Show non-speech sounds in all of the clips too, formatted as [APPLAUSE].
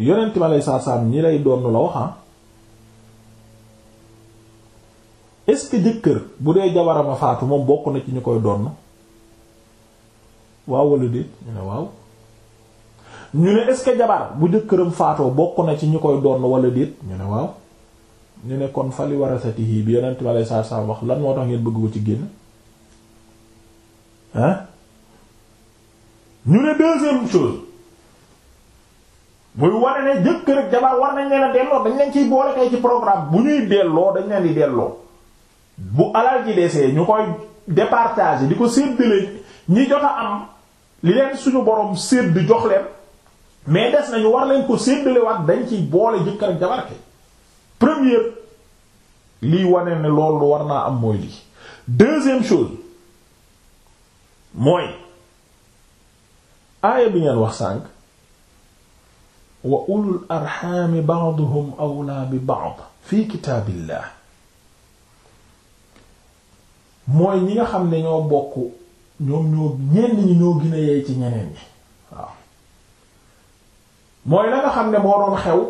yonent ma lay saa saam ñi lay doon la wax ah? est-ce que jëkkër bu dee jabarama faatu moom bokk na ci ñu koy doon waaw wala déet ñu ne waaw ñu ne est-ce que jabar bu jëkkëram faatoo bokk na ci ñu koy doon wala déet ñu ne waaw ñu ne kon fali warasatihi bi yonent ma lay saa saam wax lan moo tax ngeen bëgg ko ci génn hein ñu ne deuxième chose muy wane ne jëkkër ak jabar war nañ ne a delloo dañ leen ciy boole kay ci programme bu ñuy delloo dañ leen di delloo bu alal ji desee ñu koy départager di ko séddale ñi jot am li leen suñu borom sédd jox leen mais des nañu war leen ko séddalewaat dañ ciy boole jëkkër ak jabar kay première lii wane ne loolu war naa am mooy lii deuxième chose mooy aaya bi ngeen wax sànq. wa ulul arxaami ba'duhum awlaa bi ba'd fi kitaabillah mooy ñi nga xam ne ñoo bokk ñoom ñoo ñenn ñi ñoo gën a yey ci ñeneen ñi waaw mooy la nga xam ne moo doon xew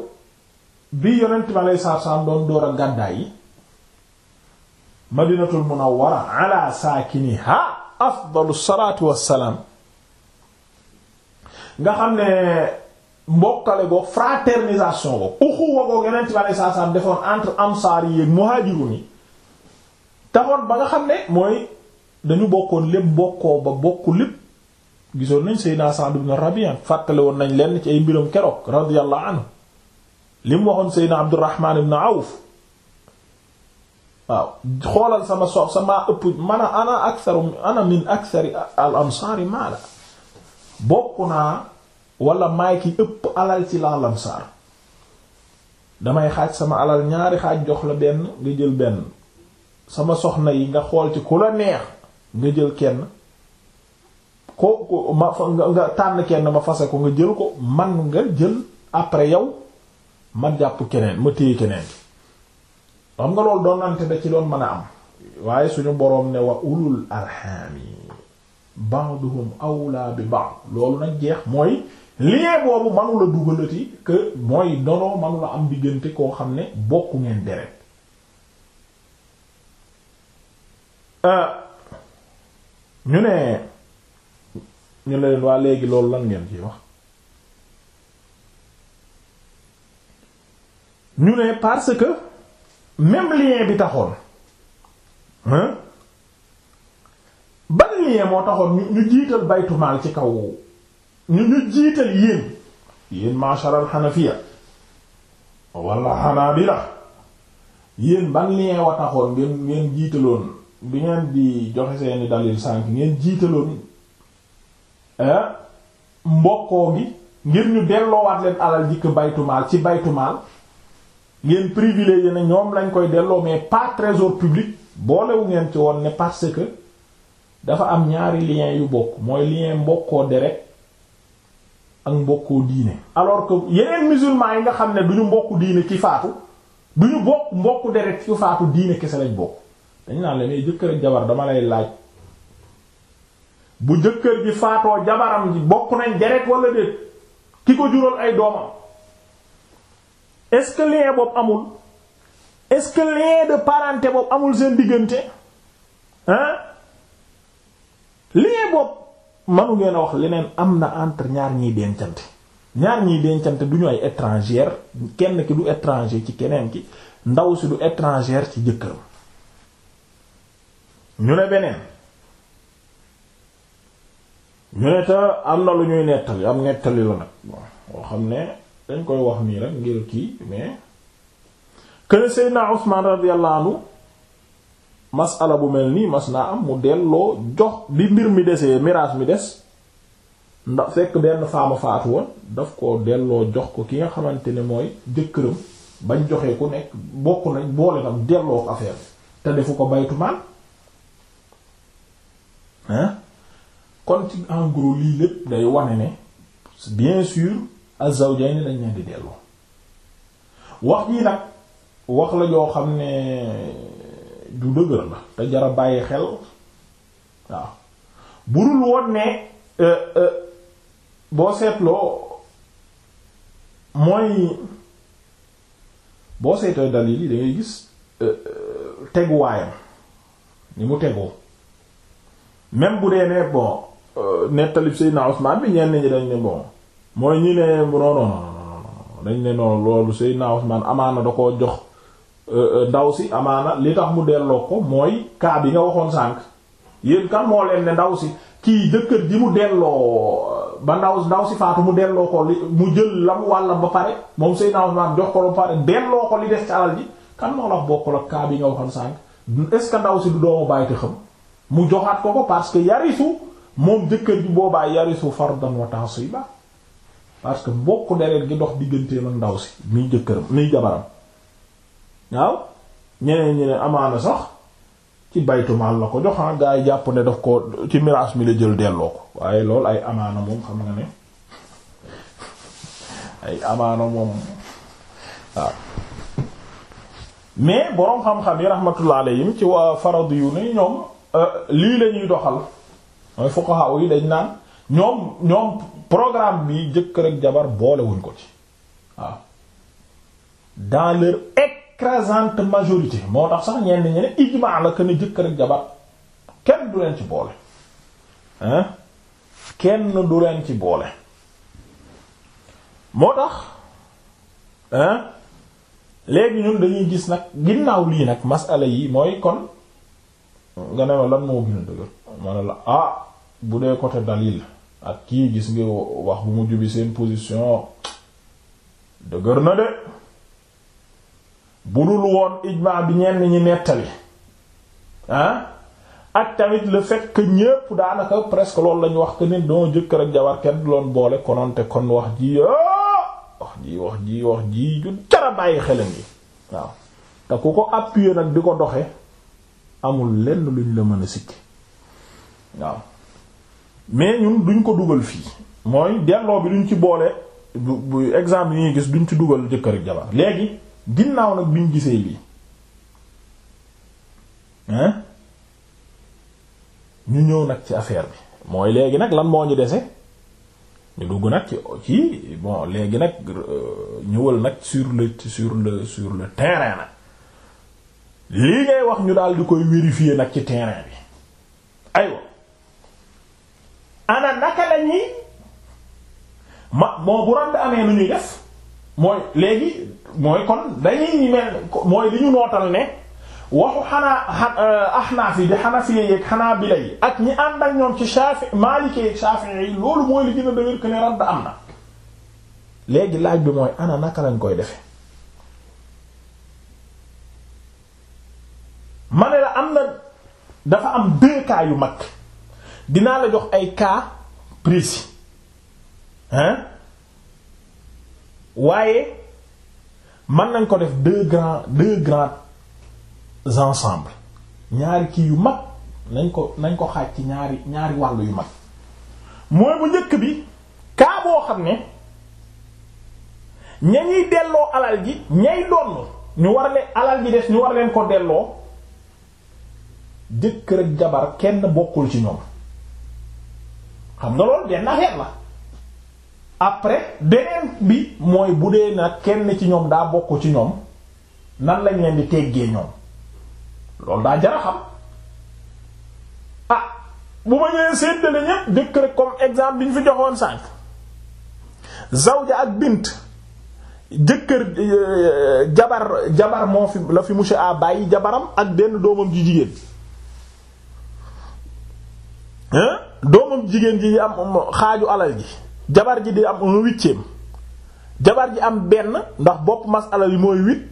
bi yonent bi alei saatu salaam doon door a gàddaay yi madinatul munawwara ala saakiniha afdalu salaatu wassalaam nga xam ne mbokkale goog fraternisation goog uxuwa goog yeneen ci bari defoon entre ansaar yi muhajirun yi taxoon ba nga xam ne mooy dañu bokkoon lépp bokkoo ba bokku lépp gisoon nañ Seydina Sa'd ibn Rabi'a fàttale woon nañ lenn ci ay mbiram keroog radiyallahu anhu li mu waxoon Seydina Abdurrahman ibn Awf waaw xoolal sama so sama ëpp man ana aktharu ana min akthari al ansaari maala bokk naa wala maay ëpp alal ci laalamsaar damay xaaj sama alal ñaari xaaj jox la benn nga jël benn sama soxna yi nga xool ci ku la neex nga jël kenn ko ma nga tànn kenn ma fase ko nga jël ko man nga jël après yow ma jàpp keneen ma téye keneen xam nga loolu doonante da ci doon mën a am waaye suñu boroom ne wa ulul arham yi ba'duhum awla bi ba'd loolu nag jeex mooy lien boobu manula dugalati que mooy nonoo manula am diggante koo xam ne bokku ngeen deret euh, ñu ne ñu leen waa léegi loolu lan ngeen ci wax ñu ne parce que même lien bi taxoon hein ban lien moo taxoon ñu jiital baytumaal ci kaw ñu ñu jiital yéen yéen masharal xanafiya wala xanaabila yéen ban lien wa ngeen ngeen jiitaloon bi ngeen di joxe seeni dalil sànk ngeen jiitaloon eh, mbokkoo gi ngir ñu delloowaat leen alal jikk baytumaal ci baytumaal ngeen privilégié ne ñoom lañ koy delloo mais pas trésor public boolewu ngeen ci woon ne parce que dafa am ñaari lien yu bokk mooy lien mbokkoo deret ak mbokkoo diine alors que yeneen musulman yi nga xam ne du ñu mbokku diine ci faatu du ñu bokk mbokku deret ci faatu diine kese lañ bokk dañ naa la mais jëkkër ak jabar dama lay laaj bu jëkkër ji faatoo jabaram ji bokk nañ deret wala déet ki ko jural ay doomam est-ce que lien amul est-ce que lien de parenté boobu amul seen diggante hein lien boobu manu ngeen a wax leneen am na entre ñaar ñiy dencante ñaar ñiy dencante du ñu ay étrangère kenn ki du étranger ci keneen ki ndaw si du étrangère ci jëkkëram ñu ne beneen ñu ne te am na lu ñuy nettali am nettali la nag boo xam ne dañ koy wax nii rek ngir kii mais que Seydina Ousmane radiyallahu anhu masala bu mel nii mas naa am mu delloo jox bi mbir mi desee miraas mi des ndax fekk benn faama faatu woon daf ko delloo jox ko ki nga xamante ne mooy jëkkëram bañ joxee ku nekk bokk nañ boole tam delloo ko affaire te defu ko baytu maan hein kon ci en gros lii lépp day wane ne bien sûr azawjayn dañ leen di delloo wax ñi nag wax la joo xam ne du dëgër la te jara bàyyi xel waaw bu dul woon ne euh, euh, boo seetloo mooy boo seetoo dalil yi da ngay gis euh, teguwaayam ni mu tegoo même bu dee ne bon nettalib Seydina Ousmane bi ñenn ñi dañ ne bon mooy ñi ne non non non dañ ne non loolu Seydina Ousmane amaana da koo jox. Euh, euh, ndaw si amaana li tax mu delloo ko mooy cas bi nga waxoon sànq yéen kan moo leen ne ndaw si kii jëkkër ji mu delloo ba ndaw ndaw si faatu mu delloo ko li mu jël lam walla ba pare moom Seydina Usmaan jox ko ba pare delloo ko li des ci alal ji kan moo la bokkul ak cas nga waxoon sànq est-ce que ndaw si du doomu bàyyi te xam mu joxaat ko ko parce que yarisu moom jëkkër ji boobaa yarisu fardan wa tansiba parce que mbokk deret gi dox digganteem ak ndaw si muy jëkkëram muy jabaram waaw ñeneen ñi ne amaana sax ci baytumaal la ko jox ah gaa yi ne daf ko ci miraas mi la jël delloo ko waaye loolu ay amaana moom xam nga ne [LAUGHS] ay amaano moom waaw mais boroom xam-xam yi rahmatullah alayhim ci waa faradu yu ne ñoom euh, lii la ñuy doxal mooy fuqaha yi dañ naan ñoom ñoom programme bi jëkkër ak jabar boolewuñ ko ci waaw dans leur écrasante majorité moo tax sax ñenn ñi ne ijmaa la kenn jëkkër ak jabar kenn du leen ci boole hein kenn du leen ci boole moo tax hein léegi ñun dañuy gis nag ginnaaw lii nag masala yi mooy kon nga ne lan moo gën dëgër ma la ah bu dee côté dalil ak kii gis nga wax bu mujj bi seen position dëgër na de bu dul woon ijmaa bi ñenn ñi nettali ah ak tamit la fekk que ñépp daanaka presque loolu lañu wax que ni doo jëkkër ak jabar kenn du loon boole kononte kon wax ji ah! wax ji wax ji wax ji ju jara bàyyi xelam yi waaw te ku ko appuyer nag di ko doxe amul lenn luñ la mën a sikki waaw mais ñun duñ ko dugal fii mooy delloo bi duñ ci boole bu exemple yi ñuy gis duñ ci dugal jëkkër ak jabar léegi ginnaaw nag bi ñu gisee lii hein ñu ñëw nag ci affaire bi mooy léegi nag lan moo ñu dese ñu dugg nag ci ci bon léegi nag euh, ñëwal nag sur le sur le sur le terrain nag lii ngay wax ñu daal di koy vérifier nag ci terrain bi aywa ana naka lañuy ma bon bu rand amee nu ñuy def mooy léegi mooy kon dañuy mel mooy li ñu nootal ne waxu xanaa axnaaf euh, yi di xanafiye yeeg xanaabila yi ak ñi ànd ak ñoom ci shafi maalikee yeeg shafi'i yi loolu mooy li gën a dëgër que ne radd am na léegi laaj bi mooy ana naka lañ koy defe ma la am na dafa am deux yu mag dinaa la jox ay cas précis hein waaye mën nañ ko def deux grands deux grands ensembles ñaari kii yu mag nañ ko nañ ko xaaj ci ñaari ñaari wàll yu mag mooy bu njëkk bi kaa boo xam ne ña ñuy delloo alal ji ñay doon ñu war leen alal ji des ñu war leen ko delloo jëkkër ak jabar kenn bokkul ci ñoom xam nga loolu benn la après beneen bi mooy bu dee nag kenn ci ñoom daa bokk ci ñoom nan lañ leen di teggee ñoom loolu daa jara xam ah, bu ma ñëwee séddale ñépp dëkk rek comme exemple bi ñu fi joxoon sànq zawja ak bint jëkkër euh, jabar jabar moo fi la fi monsieur a bàyyi jabaram ak benn doomam ji jigéen hein doomam jigéen ji am xaaju alal ji jabar ji di am un huitième jabar ji am benn ndax bopp masala bi mooy huit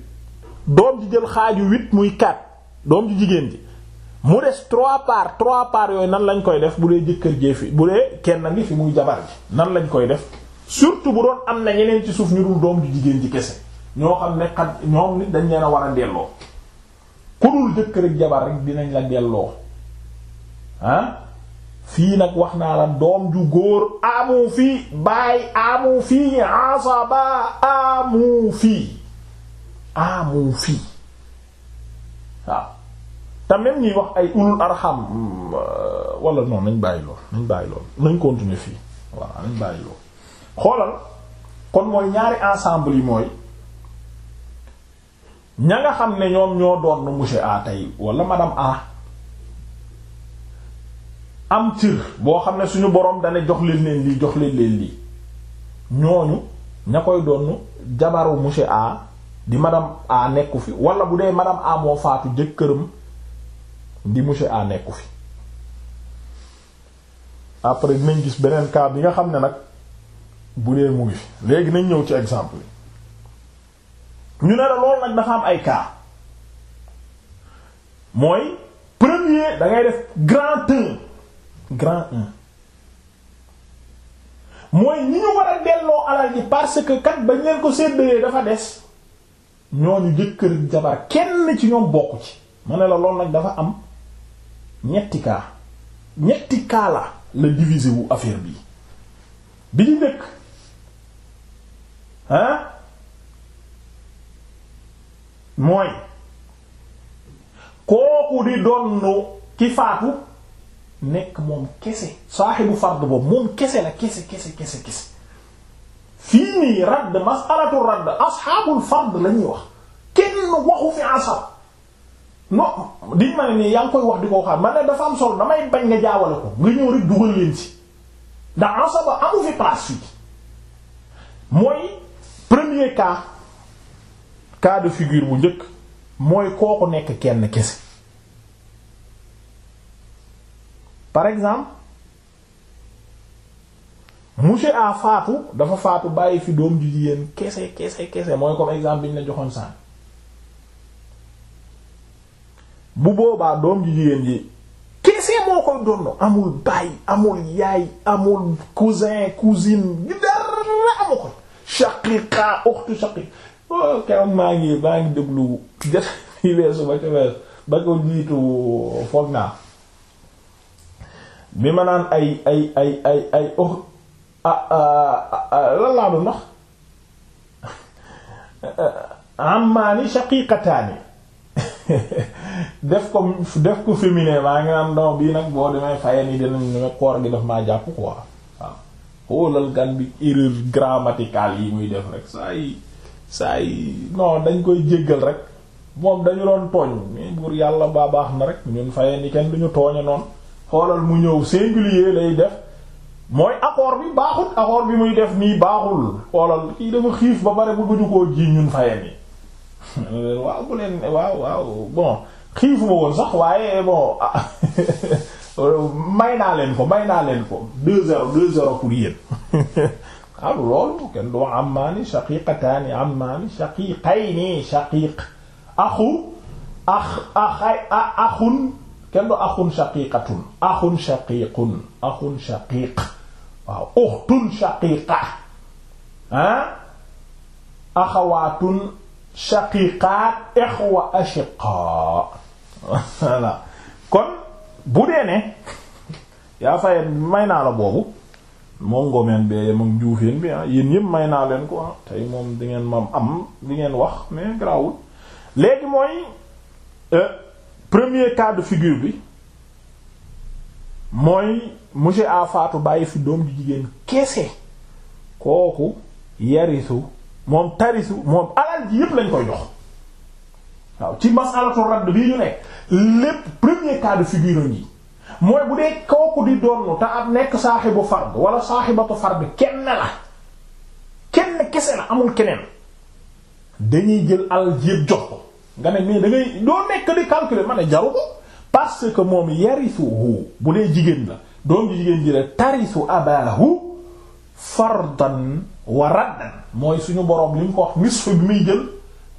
doom ji jël xaaju huit muy quatre doom ji jigéen ji mu des trois parts trois parts yooyu nan lañ koy def bu dee jëkkër jee fi bu dee kenn ngi fi muy jabar ji nan lañ koy def surtout bu doon am na ñeneen ci suuf ñu doom ji jigéen ji kese ñoo xam ne xat ñoom nit dañ leen a war a delloo ku dul jëkkër jabar rek dinañ la delloo ah fii nag wax naa la doom ju góor amu fii baay amu fii asaba amu fii amu fii tamit te ñuy wax ay ulul arham euh, wala non nañ bàyyi lool nañ bàyyi lool nañ continuer fii voilà nañ bàyyi lool xoolal kon mooy ñaari ensemble yi mooy ña nga xam ne ñoom ñoo doon monsieur A tey wala madame A am cër boo xam ne suñu boroom dana jox leen leen lii jox leen leen lii ñooñu ña koy doon jabaru monsieur A di madame A nekku fi wala bu dee madame A moo faatu jëkkëram di monsieur A nekku fi après dinañ gis beneen cas bi nga xam ne nag bu dee mu ngi fi léegi nañ ñëw ci exemple yi ñu ne la loolu nag dafa am ay cas mooy premier da ngay def grand 1 grand un mooy ñi ñu war a delloo alal ji parce que kat bañ leen ko séddalee dafa des ñooñu jëkkër jabar kenn ci ñoom bokku ci ma la loolu nag dafa am ñetti kaa ñetti kaa la la diviser wu affaire bi bi ñu nekk ah mooy kooku di doon ki faatu nekk moom kese saaxibu fard boobu moom kese la kese kese kese kese fii nii radd masalatu radd asxaabul fard la wax kenn waxu fi asal non diñ ma ne nii yaa ngi koy wax di ko waxaat man ne dafa am solo damay bañ nga jaawale ko nga ñëw rek dugal leen ci ndax asaba amu fi place fii mooy premier cas cas de bu njëkk mooy kooku nekk kenn kese par exemple monsieur A faatu dafa faatu bàyyi fi doom ju jigéen kese kese kese mooy comme exemple bi ñu la joxoon sànq bu boobaa doom jigéen yi kese moo koy doon amul baay amul yaay amul cousin cousine gi dara amu ko shaqiqa ukhtu shaqiq oh maa ngi maa ngi déglu jot yi [LAUGHS] weesu ba ca weesu ba ko jiitu foog naa. bi ma naan ay ay ay ay ay oh ah, ah, ah, lan laa doon wax amaani [LAUGHS] [LAUGHS] def ko def ko féminin maa ngi naan non bii nag boo demee fayen yi dinañ ne koor gi daf maa jàpp quoi waaw xoolal gan bi erreur grammaticale yi muy def rek saa yi saa yi non dañ koy jéggal rek moom dañu doon tooñ mais buur yàlla baa baax na rek ñun fayen yi kenn ñu tooñe noonu. xoolal mu ñëw singulier lay def mooy accord bi baaxul accord bi muy def nii baaxul xoolal kii dafa xiif ba pare bu bëgg koo ji ñun fayam yi [LAUGHS] waaw bu leen waaw waaw bon xiifu ma woon [LAUGHS] naa leen ko may naa leen ko deux zéro deux zéro pour yéen ah [LAUGHS] loolu kenn du wax ammaani shaqiqataani ammaani shaqiqayni shaqiq axu ax axay kenn du axun shaqiqatun axun shaqiqun axun shaqiq waaw uxtun shaqiqa ah axawaatun shaqiqaat ixwa ashiqa voilà kon bu dee ne yaa faye may naa la boobu moom ngomeen bee moom njuufeen bi ah yéen may naa leen ko ah moom di ngeen mam am di ngeen wax mais grawul léegi mooy euh, premier cas de figure bi mooy monsieur a faatu bàyyi fi doom di jigéen kese kooku yarisu moom tarisu moom alal ji yépp lañ koy jox waaw ci masalatu radd bii ñu nekk lépp premier cas de figure ngi mooy bu dee kooku di donn te am nekk saaxibu fard wala saaxibatu fard kenn la kenn kese la amul keneen dañuy jël alal ji yépp jox ko nga ne mais da ngay doo nekk di calculer ma ne jaru ko parce que moom yarisuhu bu dee jigéen la doom ji jigéen ji la tarisu abahu fardan wa mooy suñu borom li mu ko wax nisfu bi muy jël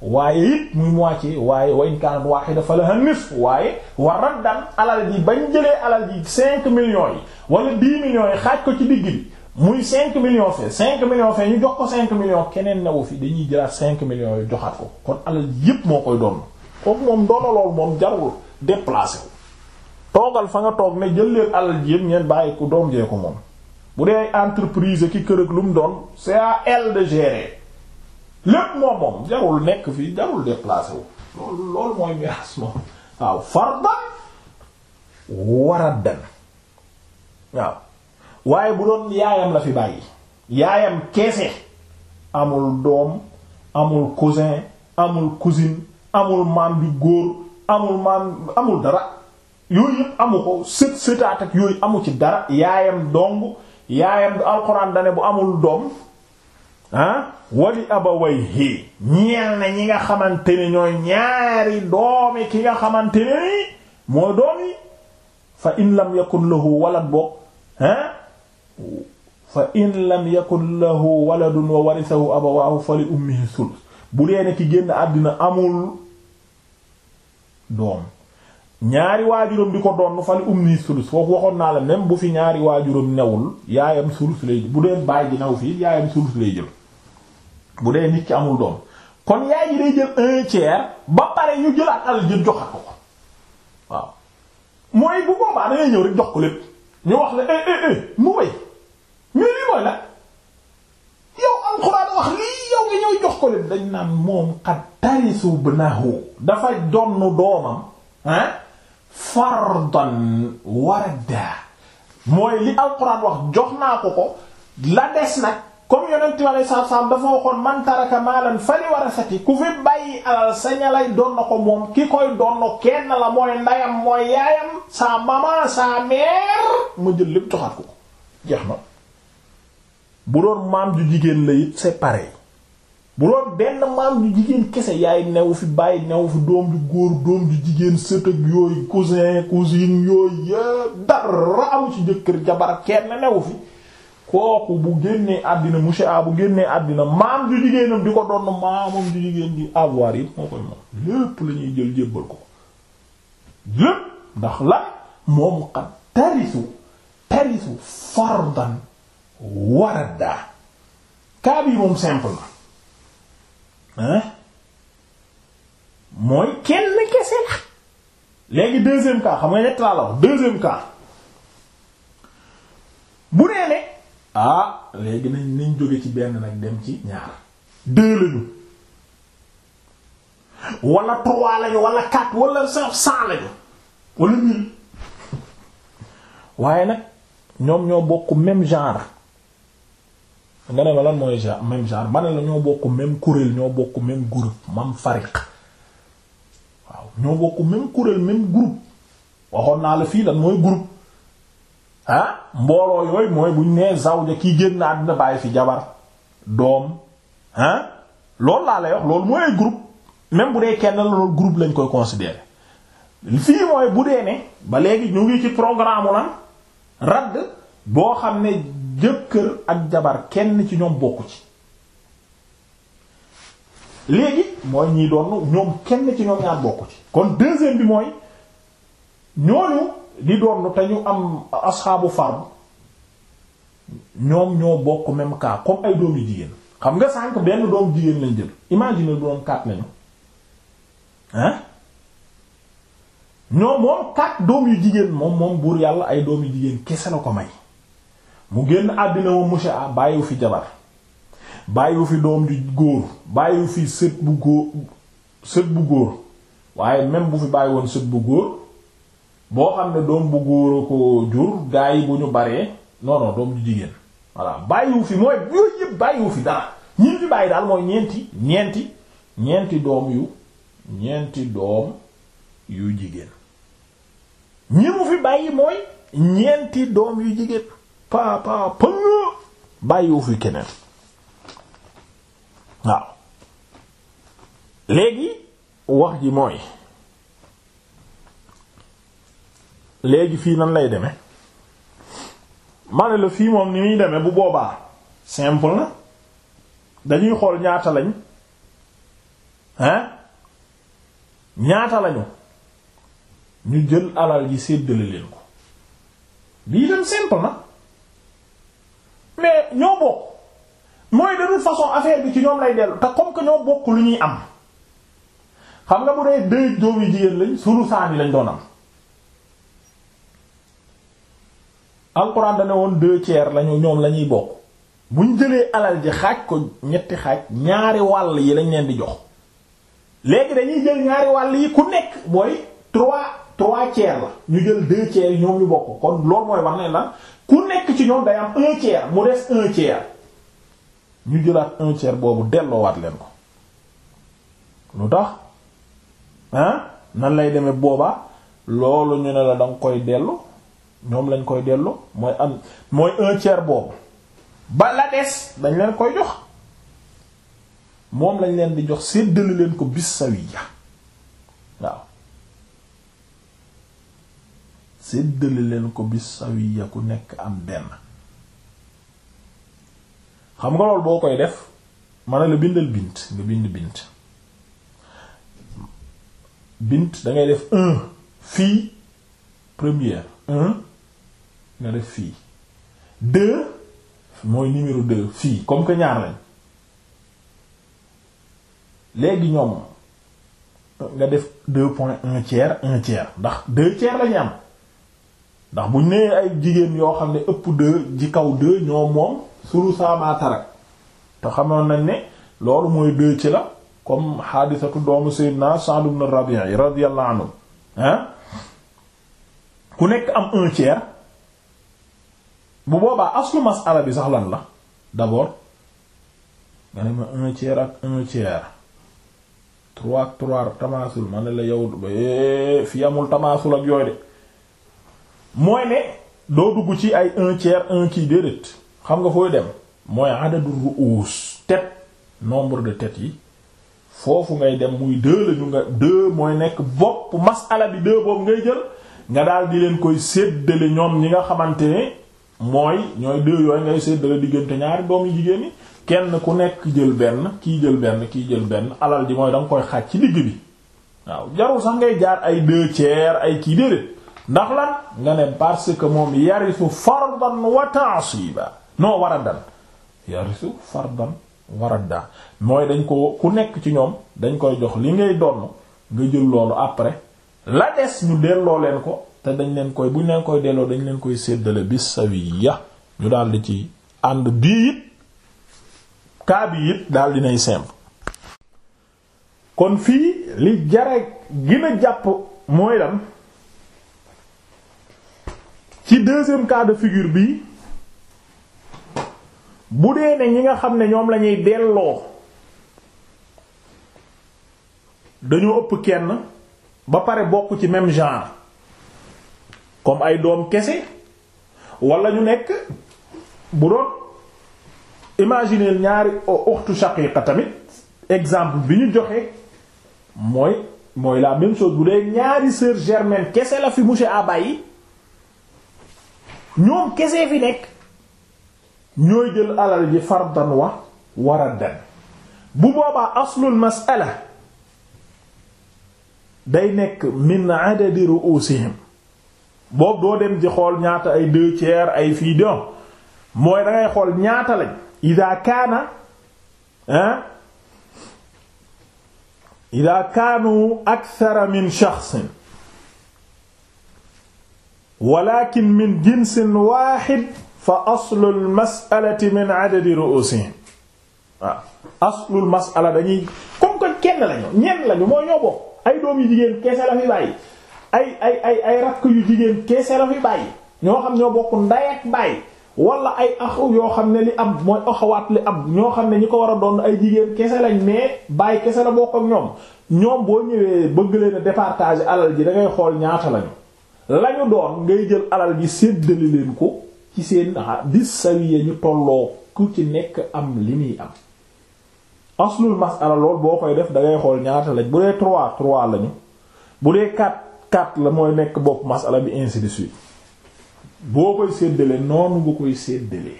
waaye it muy moitié waaye wa in kaanat waahida falaha nisf waaye wa raddan alal ji bañ jëlee alal ji cinq million yi wala dix millions yi xaaj ko ci digg bi muy cinq million fee cinq millions fee ñu jox ko cinq millions keneen newu fi dañuy jëlaat 5 millions yu joxaat ko kon alal yépp moo koy doon kooku moom doona lool moom jarul déplacé wu fa nga toog ne jël leen alal ji yépp ngeen bàyyi ko doom jee ko moom bu dee entreprise ki kër ak lu mu doon c'est à elle de gérer lépp moom moom jarul nekk fii jarul déplacé wu loolu loolu mooy miiras moom waaw fardan waradan waaw waaye bu doon yaayam la fi bàyyi yaayam keese amul doom amul cousin amul cousine amul maam ju góor amul maam amul dara yooyu yëpp amu ko sët sëtaat ak yooyu amu ci dara yaayam dong yaayam du alxuraan dane bu amul doom ah wali abawayhi ñeel na ñi nga xamante ne ñooy ñaari doomi ki nga xamante ne ni mooy doom yi fa in lam yakun lahu walad bokk ah fa in lam yakun lahu waladun wa abawaahu fa li ummihi bu leene ki génn àddina amul doom ñaari waajuram di ko doon fa li ummihi foofu waxoon naa la même bu fi ñaari waajuram newul yaayam sulus lay jël bu dee baay ji new fii yaayam sulus lay jël bu dee nit ki amul doom kon yaay ji day jël un ba pare ñu jëlaat alal jël joxat ko ko waaw mooy bu boobaa dangay ñëw rek jox ko lépp ñu wax la eh eh eh mu wéy mais lii mooy la yow alxuraan wax lii yow nga ñëw jox ko leen dañ naan moom xat tarisu ibnahu dafa donn doomam ah fardan warada mooy li alxuraan wax jox naa ko ko la des nag comme yonent bi salaam dafa waxoon man taraka maalan fali warasati ku fi bàyyi alal saña lay doon na ko moom ki koy doon na la mooy ndayam mooy yaayam sa maman sa mère mu jël lépp joxaat ko ko jeex na bu doon maam ju jigéen la it c'est pareil bu doon benn maam ju jigéen kese yaay newu fi bàyyi newu fi doom ju góor doom ju jigéen sët ak yooyu cousin cousine yooyu yëpp dara amu ci jëkkër jabar kenn newu fi kooku bu génnee àddina monsieur bu génnee àddina maam ju jigéenam di ko doon maamam ju jigéen di avoir yëpp moo koy moom lépp la ñuy jël jébbal ko lépp ndax la moomu xam tarisu tarisu fardan warada kaa bii moom simple na hein mooy kenn kese la léegi deuxième cas xam nga ñett laa la wax deuxième cas bu nee ah léegi nañ nañ jóge ci benn nag dem ci ñaar deux lañu walla trois lañu wala quatre wala cinq cent lañu wala mille waaye nag ñoom ñoo bokk même genre nga ne ma lan mooy genre même ma ne la ñoo bokk même kuréel ñoo bokk même groupe mam fariq waaw ñoo bokk même kuréel même groupe waxoon naa la fii lan mooy group ah, mbooloo yooyu mooy buñ nee zawja kii génn àddina bàyyi fi jabar doom ah loolu laa lay wax loolu mooy ay groupe bu dee kenn la loolu groupe lañ koy considérer fii mooy bu dee ne ba léegi ñu ngi ci programme lan radd boo xam ne jëkkër ak jabar kenn ci ñoom bokku ci léegi mooy ñiy doon ñoom kenn ci ñoom ñaar bokk ci kon deuxième bi mooy ñooñu di doon te ñu am asxaabu farm ñoom ñoo bokk même cas comme ay doom yu jigéen xam nga sànq benn doom jigéen lañ jël imagine doom quatre lañu hein ñoom moom quatre doom yu jigéen moom moom buur yàlla ay doom yu jigéen kese la ko may mu génn àddina wa monsieur a bàyyiwu fi jabar bàyyiwu fi doom di góor bàyyiw fi sët bu góor sët bu góor waaye même bu fi bàyyi woon sët bu góor boo xam ne doom bu góor a ko jur gaa yi bu ñu baree non doom ju jigéen voilà bàyyiw fi mooy yooyu yëpp bàyyiwu fi dara ñi fi bàyyi daal mooy ñeenti ñeenti ñeenti doom yu ñeenti doom yu jigéen ñi mu fi bàyyi mooy ñeenti doom yu jigéen paa paa pëng bàyyiwu fi keneen waaw léegi wax ji mooy léegi fii nan lay deme ma la fii moom ni muy deme bu boobaa simple na dañuy xool ñaata lañ hein ñaata lañu ñu jël alal ji séddale leen ko bii dem simple na mais ñoo bokk mooy de façon affaire bi ci ñoom lay dellu te comme que ñoo bokk lu ñuy am xam nga bu dee deux doomi jigéen lañ suru saani lañ doon am alxuraan dana woon deux tiers lañu ñoom lañuy bokk buñ jëlee alal ji xaaj ko ñetti xaaj ñaari wàll yi lañ leen di jox léegi dañuy jël ñaari wàll yi ku nekk mooy trois trois tiers la ñu jël deux tiers yi ñoom ñu bokk kon loolu mooy wax ne la ku nekk ci ñoom day am un tiers mu des un ñu jëlaat un tiers boobu delloowaat leen ko lu tax ah nan lay demee booba loolu ñu ne la danga koy dellu ñoom lañ koy dellu mooy am mooy un boobu ba la des dañ leen koy jox moom lañ leen di jox séddale leen ko bis sawiya séddale leen ko bis sawiya ku nekk am benn xam nga loolu boo koy def mën la bindal bint nga bind bint bint dangay def un fii première un nga def fille deux mooy numéro deux fii comme que ñaar lañ léegi ñoom nga def deux point un tiers un tiers ndax deux tiers lañu am ndax buñ nee ay jigéen yoo xam ne ëpp deux ji kaw deux ñoo moom suru saamaa tarak te xamoon nañ ne loolu mooy deux ci la comme xaadisatu doomu sayyidina Sa'd ibn yi radiyallahu anhu hein ku nekk am un tiers bu boobaa aslu masala bi sax lan la d'abord nga ne ma un tiers ak un tiers trois trois tamaasul ma la yow eh, fii amul tamaasul ak yooyu de mooy ne doo dugg ci ay un tiers un kii déedéet xam nga fooy dem mooy adadu ruus tête nombre de têtes yi foofu ngay dem muy deux lañu nga deux mooy nekk bopp masala bi deux boobu ngay jël nga daal di leen koy séddale ñoom ñi nga xamante ne mooy ñooy deux yooyu ngay séddale diggante ñaari doomu yi ñi kenn ku nekk jël benn kii jël benn kii jël benn alal ji mooy da koy xaaj ci digg bi waaw jarul sax ngay jaar ay deux tiers ay kii déedéet ndax lan nga ne parce que moom yarisu fardan wa ba non waradan yarisu fardan warada mooy dañ ko ku nekk ci ñoom dañ koy jox li ngay donn nga jël loolu après la des ñu delloo leen ko te dañ leen koy buñ leen koy delloo dañ leen koy séddale bis sawiya ñu daal ci ànd bii it kaa bi it daal dinay kon fii li jare gi a jàpp mooy lan ci deuxième cas de figure bi bu dee ne ñi nga xam ne ñoom lañuy delloo dañoo ëpp kenn ba pare bokk ci même genre comme ay doom kese walla ñu nekk bu doon imaginer ñaari uxtu shaqiqa tamit exemple bi ñu joxe mooy mooy la même chose bu dee ñaari sœur germaine kese la fi monsieur Abaye ñoom kese fi nekk ñooy jël alal ji fardan wa waraddan bu boobaa aslul mas'ala day nekk min adadi ru'usihim boobu doo dem ji xool ñaata ay deux ay fii don mooy da ngay xool ñaata lañ ida kaana ah kaanu akthara min shakhsin walakin min jinsin waaxid fa aslul mas'alati min adadi ru'usihim waaw aslul mas'ala dañuy comme que kenn lañu ñenn lañu moo ñoo bokk ay doom yu jigéen keese la bàyyi ay ay ay ay rakk yu jigéen keese la ñoo xam ñoo bokk ndey ak bàyyi wala ay axu yoo xam ne li am mooy axawaat li am ñoo xam ne ñi ko war a doon ay jigéen kese lañ mais bàyyi kese la bokk ak ñoom ñoom boo ñëwee bëgg leen a départage alal ji da ngay xool ñaata lañu. lañu doon ngay jël alal bi séddale leen ko ci seen bis sawiya ñu tolloo ku ci nekk am li muy am aslul masala lool boo koy def dangay xool ñaata lañ bu dee trois trois lañu bu dee quatre quatre la mooy nekk bopp masala bi ainsi de suite boo koy séddale noonu nga koy séddale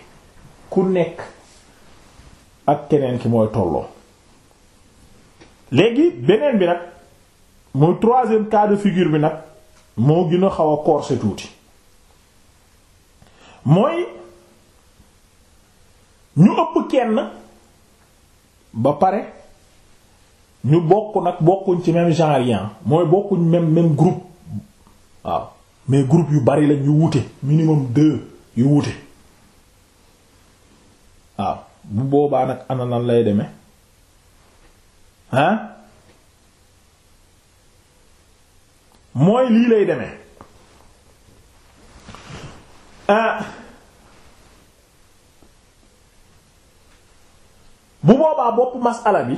ku nekk ak keneen ki mooy tolloo léegi beneen bi nag muy troisième cas figure bi nag moo gën a xaw a corsé tuuti mooy ñu ëpp kenn ba pare ñu bokk nag bokkuñ ci même genre yan ah. mooy bokkuñ même même groupe waaw mais group yu bari lañ yu wuute minimum deux yu wuute waaw bu boobaa nag ana nan lay deme ah mooy lii lay deme euh, bu boobaa bopp masala bi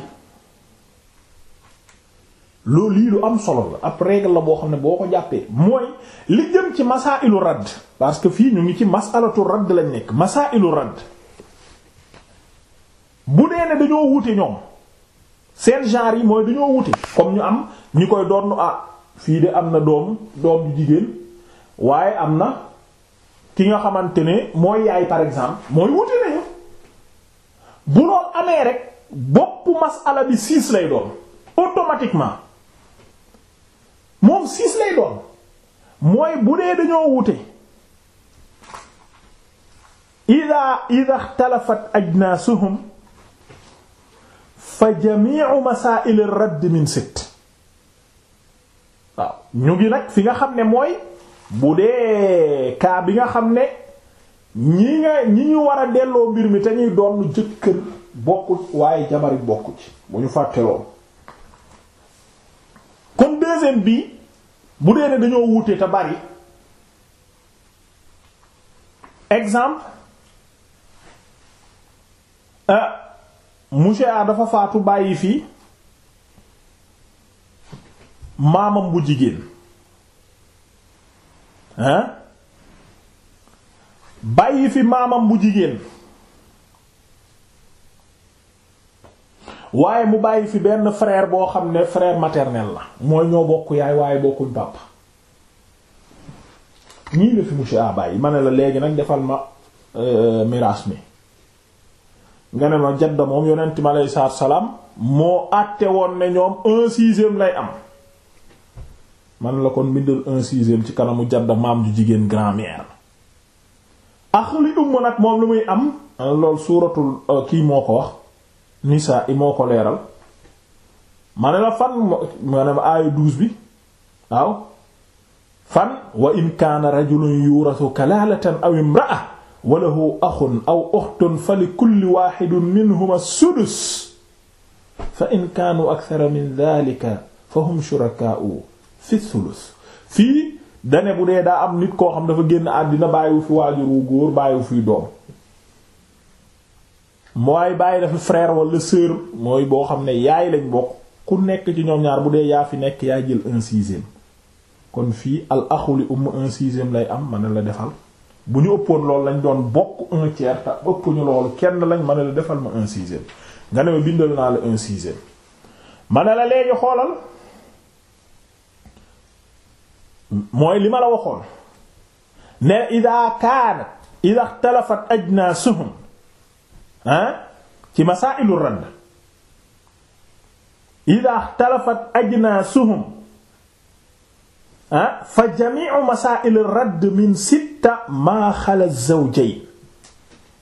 loo lii lu am solo la ab règle la boo xam ne boo ko jàppee mooy li jëm ci masailu radd parce que fii ñu ngi ci masalatu radd lañ nekk masailu radd bu dee ne dañoo wute ñoom seen genre yi mooy dañoo wuti comme ñu am ñi koy doon ah fii de am na doom doom ju jigéen waaye am na ki nga xamante ne mooy yaay par exemple mooy wute nañu bu lool amee rek bopp masala bi siis lay doon automatiquement moom siis lay doon mooy bu dee dañoo wute ida ida ixtalafat ajnaasuhum fa jamiu masail ar-radd min ñu ngi nag fi nga xam ne mooy bu dee kaa bi nga xam ne ñi nga ñi ñu war a delloo mbir mi te ñuy doon jëkkër bokku waaye jabari bokku ci bu ñu fàtte lool kon deuxième bi bu dee ne dañoo wuute te bari exemple ah monsieur A dafa faatu bàyyi fii maamam bu jigéen hein bàyyi fi maamam bu jigéen waaye mu bàyyi fi benn frair boo xam ne frère maternel la mooy ñoo bokk yaay waaye bokkuñ pàpp ñii la fi monsieur a bàyyi ma ne la léegi nag defal ma euh, miraas mi nga ne ma jadda moom yonent mi aleyhi salaam moo àtte woon ne lay am man la kon bindal un ci kanamu jadda maam ju jigéen grand-mère ax li umm nag moom lu muy am lool suuratul euh, kii moo ko wax nisaa i moo ko leeral ma la fan ma ma aayu douze bi waaw fan wa in kaana rajulun yuurasu kalaalatan aw imra'a wa lahu axun aw uxtun fa li kulli waaxidin minhuma sudus fa in kaanu akthara min dhaalika fa hum shurakaa'u fi sulus fii dane bu dee daa am nit koo xam dafa génn àddina bàyyiwu fi waajur wu góor bàyyiwu fi doom mooy bàyyi dafa frère wala sœur mooy boo xam ne yaay lañ bokk ku nekk ci ñoom ñaar bu dee yaa fi nekk yaa jël un sixième kon fii al axuli umm un sixième lay am mën na la defal bu ñu ëppoon loolu lañ doon bokk un tiers ta ëpp ñu loolu kenn lañ mën la defal ma un sixième nga ne ma bindal naa la un sixième mën la léegi xoolal mooy li ma la waxoon ne ida kaanat ida ixtalafat ajnaasuhum ah ci masaa'ilu radd ida ixtalafat ajnaasuhum ah fa jamii'u masaa'il radd min sitta maa xala zawjayn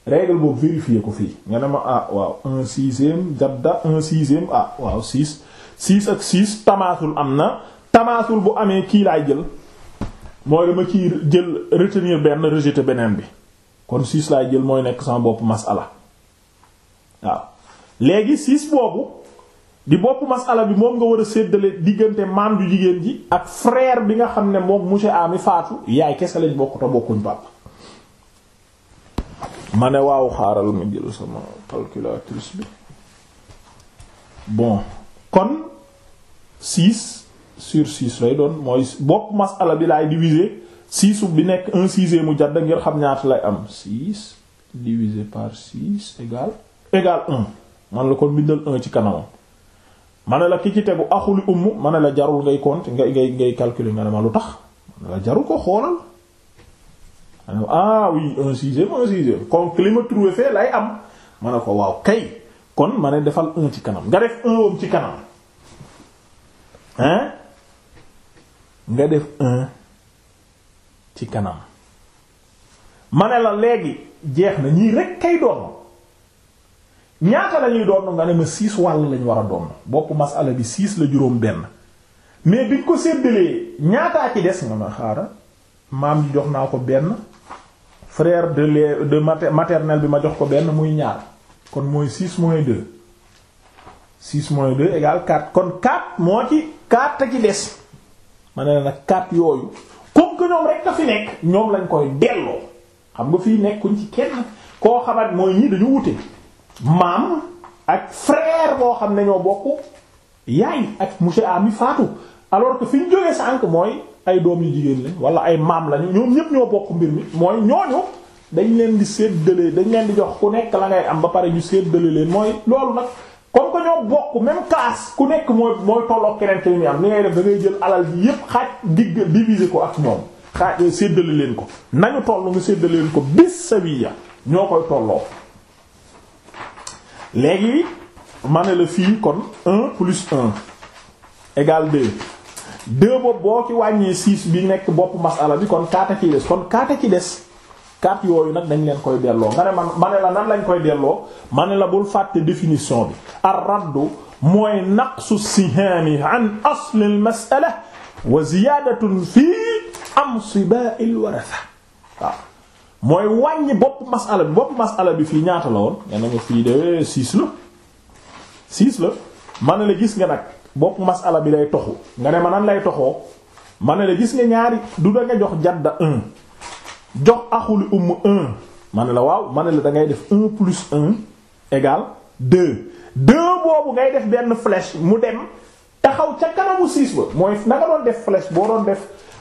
règle boobu vérifier ko fii nga ne ma ah waaw un sixième jabda un sixième ah waaw six six ak six tamaasul am na tamaasul bu amee kii laay jël mooy dama ci jël retenir benn rejeter beneen bi kon six laay jël mooy nekk sama bopp masala waaw léegi six boobu di bopp masala bi moom nga war a séddale diggante maam ju jigéen ji ak frère bi nga xam ne moom monsieur ami faatu yaay kese lañ bokkut a bokkuñ papa ma ne waaw xaaral ma jël sama calculatrice bi bon kon six sur six lay doon mooy bopp masala bi laay diviser six bi nekk un sixième mu jadd ngir xam ñaata lay am six divisé par six égal égal un man la kon bindal un ci kanamam ma ne la ki ci tegu axuli umm ma la jarul ngay compter ngay ngay ngay calculer nga ne ma lu tax ma ne la jarul ko xoolal ma ne ah oui un un sixième kon li ma trouvé fee lay am ma ne ko waaw kay kon ma ne defal un ci kanam nga def un ci kanam hein nga def un ci kanam ma ne la léegi jeex na ñii rek kay doon ñaata lañuy doon nga ne ma six wàll lañ war a doon bopp masala bi six la juróom benn mais biñ ko séddalee ñaataa ci des nga ma xaaral maam ji jox naa ko benn frère de lait de maternelle bi ma jox ko benn muy ñaar kon mooy six moins deux six moins deux égale quatre kon quatre moo ci quatre ci des ma ne la nag yooyu comme que ñoom rek a fi nekk ñoom lañ koy delloo xam nga fii nekkuñ ci kenn koo xamat mooy ñi dañu wute maam ak frère boo xam ne ñoo bokk yaay ak monsieur ami faatu alors que fi ñu jógee sànq mooy ay doom yu jigéen lañ wala ay maam lañu ñoom ñépp ñoo bokk mbir mi mooy ñooñu dañ leen di séddale dañ leen di jox ku nekk la ngay am ba pare ñu séddale leen mooy loolu nag comme que ñoo bokk même classe ku nekk mooy mooy tolloo keneen keneen am ni ngay def dangay ngay jël alal ji yépp xaaj digg diviser ko ak ñoom xaaj eh, séddale leen ko nañu toll nga séddale leen ko bis sawiya ñoo koy tolloo léegi ma ne la fii kon un plus un égal deux deux boobu boo ci wàññee six bi nekk bopp masala bi kon kaata ci des kon kaata ci des kat yooyu nag dañ leen koy delloo nga ne man ma ne la nan lañ koy delloo mane ne la bul fàtte définition bi ar raddu mooy naqsu sihaami an asli al mas'ala wa ziyaadatun fii amsiba'il waratha waaw mooy wàññi bopp masala bi bopp masala bi fii ñaata la woon nee nga de six la ma ne la gis nga nag bopp masala bi lay toxu nga ma nan lay toxoo ma ne la gis nga ñaari du da nga jox jadda un jox axuli umm un ma ne la waaw ma ne la da ngay def un plus un égal deux deux boobu ngay def benn flèche mu dem taxaw ca kanamu siis ba mooy na nga doon def flèche boo doon def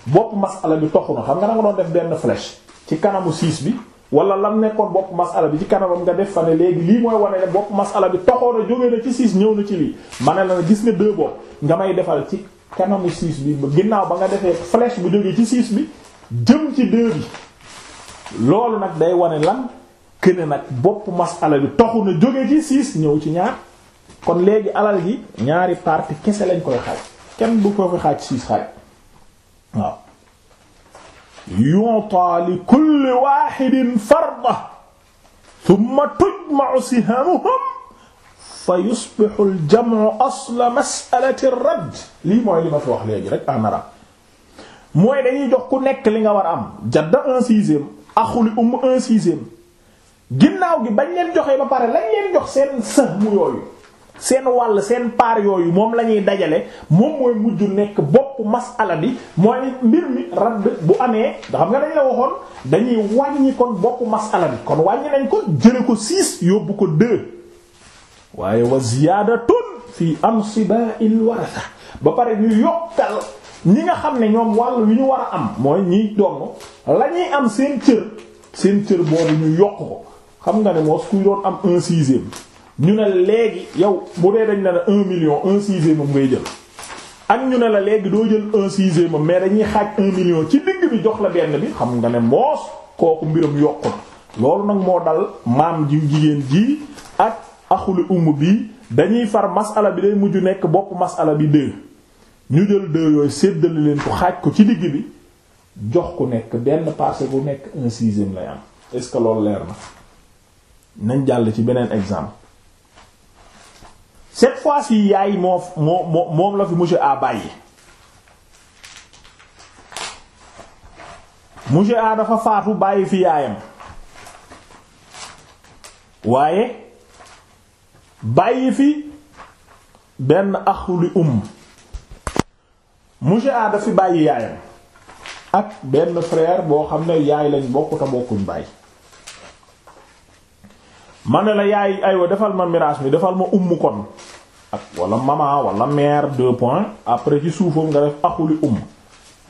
bopp masala bi toxu na xam nga na nga doon def benn flèche ci kanamu siis bi wala lam nekkoon bopp masala bi ci kanamam nga def fa ne léegi lii mooy wane ne bopp masala bi toxoo na jógee na ci siis ñëw na ci lii ma ne la gis nga deux boobu nga may defal ci kanamu siis bi ginnaaw ba nga defee flèche bu jógee ci bi jëm ci deux bi loolu nag day wane lan këne nag bopp masala bi toxu na jóge ci siis ñëw ci ñaar kon léegi alal gi ñaari parti kese lañ koy xaaj kenn du ko fi xaaj siis xaaj waaw yu'ta li kulli wahidin farda lii mooy li ma fi wax léegi rek en mooy dañuy jox ku nekk li nga war a am jadda un sixième axuli umm un sixième ginnaaw gi bañ leen joxee ba pare lañ leen jox seen sëhmu yooyu seen wàll seen paar yooyu moom lañuy dajale moom mooy mujj nekk bopp masala bi mooy mbir mi radd bu amee nga xam nga dañ la waxoon dañuy wàññi kon bopp masala bi kon wàññi nañ ko jële ko six yóbbu ko deux waaye wa ziyaadatun fi am sibaa il waratha ba pare ñu yokkal ñi nga xam ne ñoom wàll wi ñu war a am mooy ñiy doon la am seen cër seen cër boobu ñu yokk ko xam nga ne moos kuy doon am un sixième ñu ne léegi yow bu dee dañ ne la un million un sixième ngay jël ak ñu ne la léegi doo jël un ma mais dañuy xaaj un million ci digg bi jox la benn bi xam nga ne moos kooku mbiram yokk na loolu nag moo dal maam ji jigéen ji ak axuli umm bii dañuy far masala bi day mujj nekk bopp masala bi dé ñu jël deux yooyu séddale leen ko xaaj ko ci digg bi jox ku nekk benn parcelle bu nekk un sixième lay am est-ce leer na nañ jàll ci beneen exemple cette fois-ci yaay moo moo moom la fi monsieur bàyyi monsieur A dafa faatu bàyyi fi yaayam waaye bàyyi fi benn axu li umm. monsieur A dafa bàyyi yaayam ak benn frère boo xam ne yaay lañ bokk te bokkuñ bàyyi ma ne la yaay aywa defal ma miraas bi defal ma umm kon ak wala maman wala mère deux points après ci suufam nga def axuli umm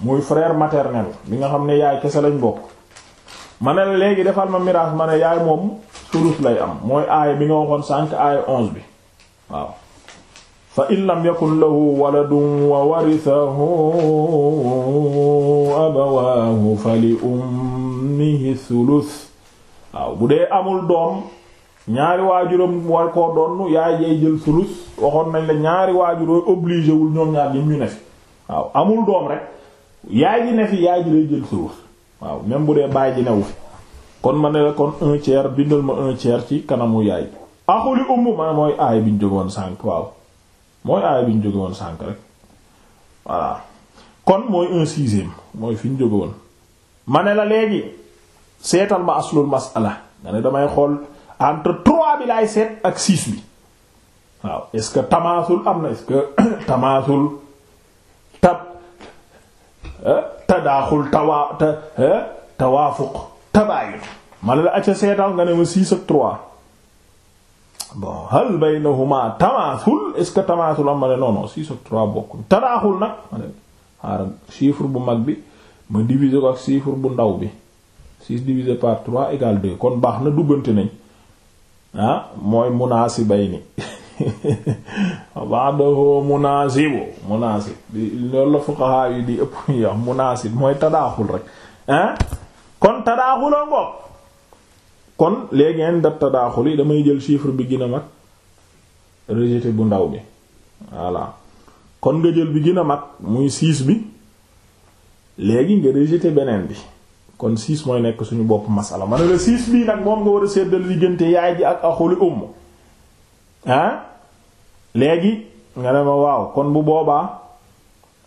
muy frère maternel bi nga xam ne yaay kese lañ bokk ma ne la léegi defal ma miraas ma ne yaay moom surus lay am mooy aaya bi nga waxoon sànq aaya onze bi waaw fa in lam yakun lahu waladun wa warithahu abawaahu fa li ummihi thuluth waaw bu dee amul doom ñaari waajuram war koo donn yaay jey jël sulus waxoon nañ la ñaari waajuroo obligé wul ñoom ñaar ñi ñu ne fi waaw amul doom rek yaay ji ne fi yaay ji lay jël sulus waaw même bu dee baay ji newu fi kon ma ne la kon un tiers bindal ma un tiers ci kanamu yaay axuli umm ma mooy aay bi ñu jógoon sànk waaw mooy aaya bi ñu jóge woon sànk rek voilà kon mooy un sixième mooy fi ñu jógewoon ma ne la léegi seetal ma aslul masala nga ne damay xool entre trois bi laay seet ak six bi waaw est-ce que tamaasul am na est que [COUGHS] tamaasul tab euh, tadaaxul tawaa euh, tawaafuq tabaayut ma ne la acca seetal nga ne ma six ak trois bon hal baynahuma tamaasul est ce que tamaasul am ma ne non non six ak trois bokkuñ tadaaxul nag ma ne xaaral chiffre bu mag bi ma diviser ko ak chiffre bu ndaw bi six divisé par trois égale deux kon baax na duggante nañ ah mooy munaasibayni [LAUGHS] ba'dahu munaasibu munaasib loolu la fuqaha yi di ëpp yow munaasib mooy tadaaxul rek ah kon tadaaxula ngoog kon léegi ngeen dat tadaaxul yi damay jël chiffre bi gën a mag rejeté bu ndaw bi voilà kon nga jël bi gën a mag muy 6 bi léegi nga rejeté beneen bi kon 6 mooy nekk suñu bopp masala ma ne la 6 bii nag moom nga war a séddal diggante yaay ji ak axuli umm ah léegi nga ne ma waaw kon bu boobaa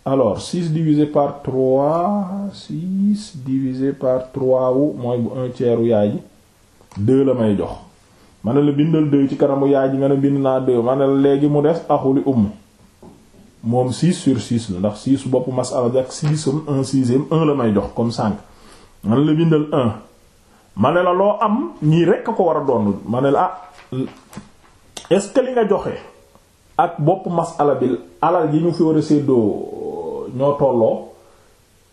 alors 6 divisé par 3 6 divisé par 3 wu mooy bu un tiers yaay ji deux la may jox ma ne la bindal deux ci kanamu yaay ji nga ne bind naa deux ma ne la léegi mu des axuli umm moom 6 sur 6 la ndax 6 bopp masala bi ak 6 1 sixième 1 la may jox comme sànq ma la bindal 1 ma ne la loo am ñii rekk a ko war a doon ma ne la ah est-ce que li nga joxe ak bopp masala bi alal yi ñu fi war séddoo ñoo tolloo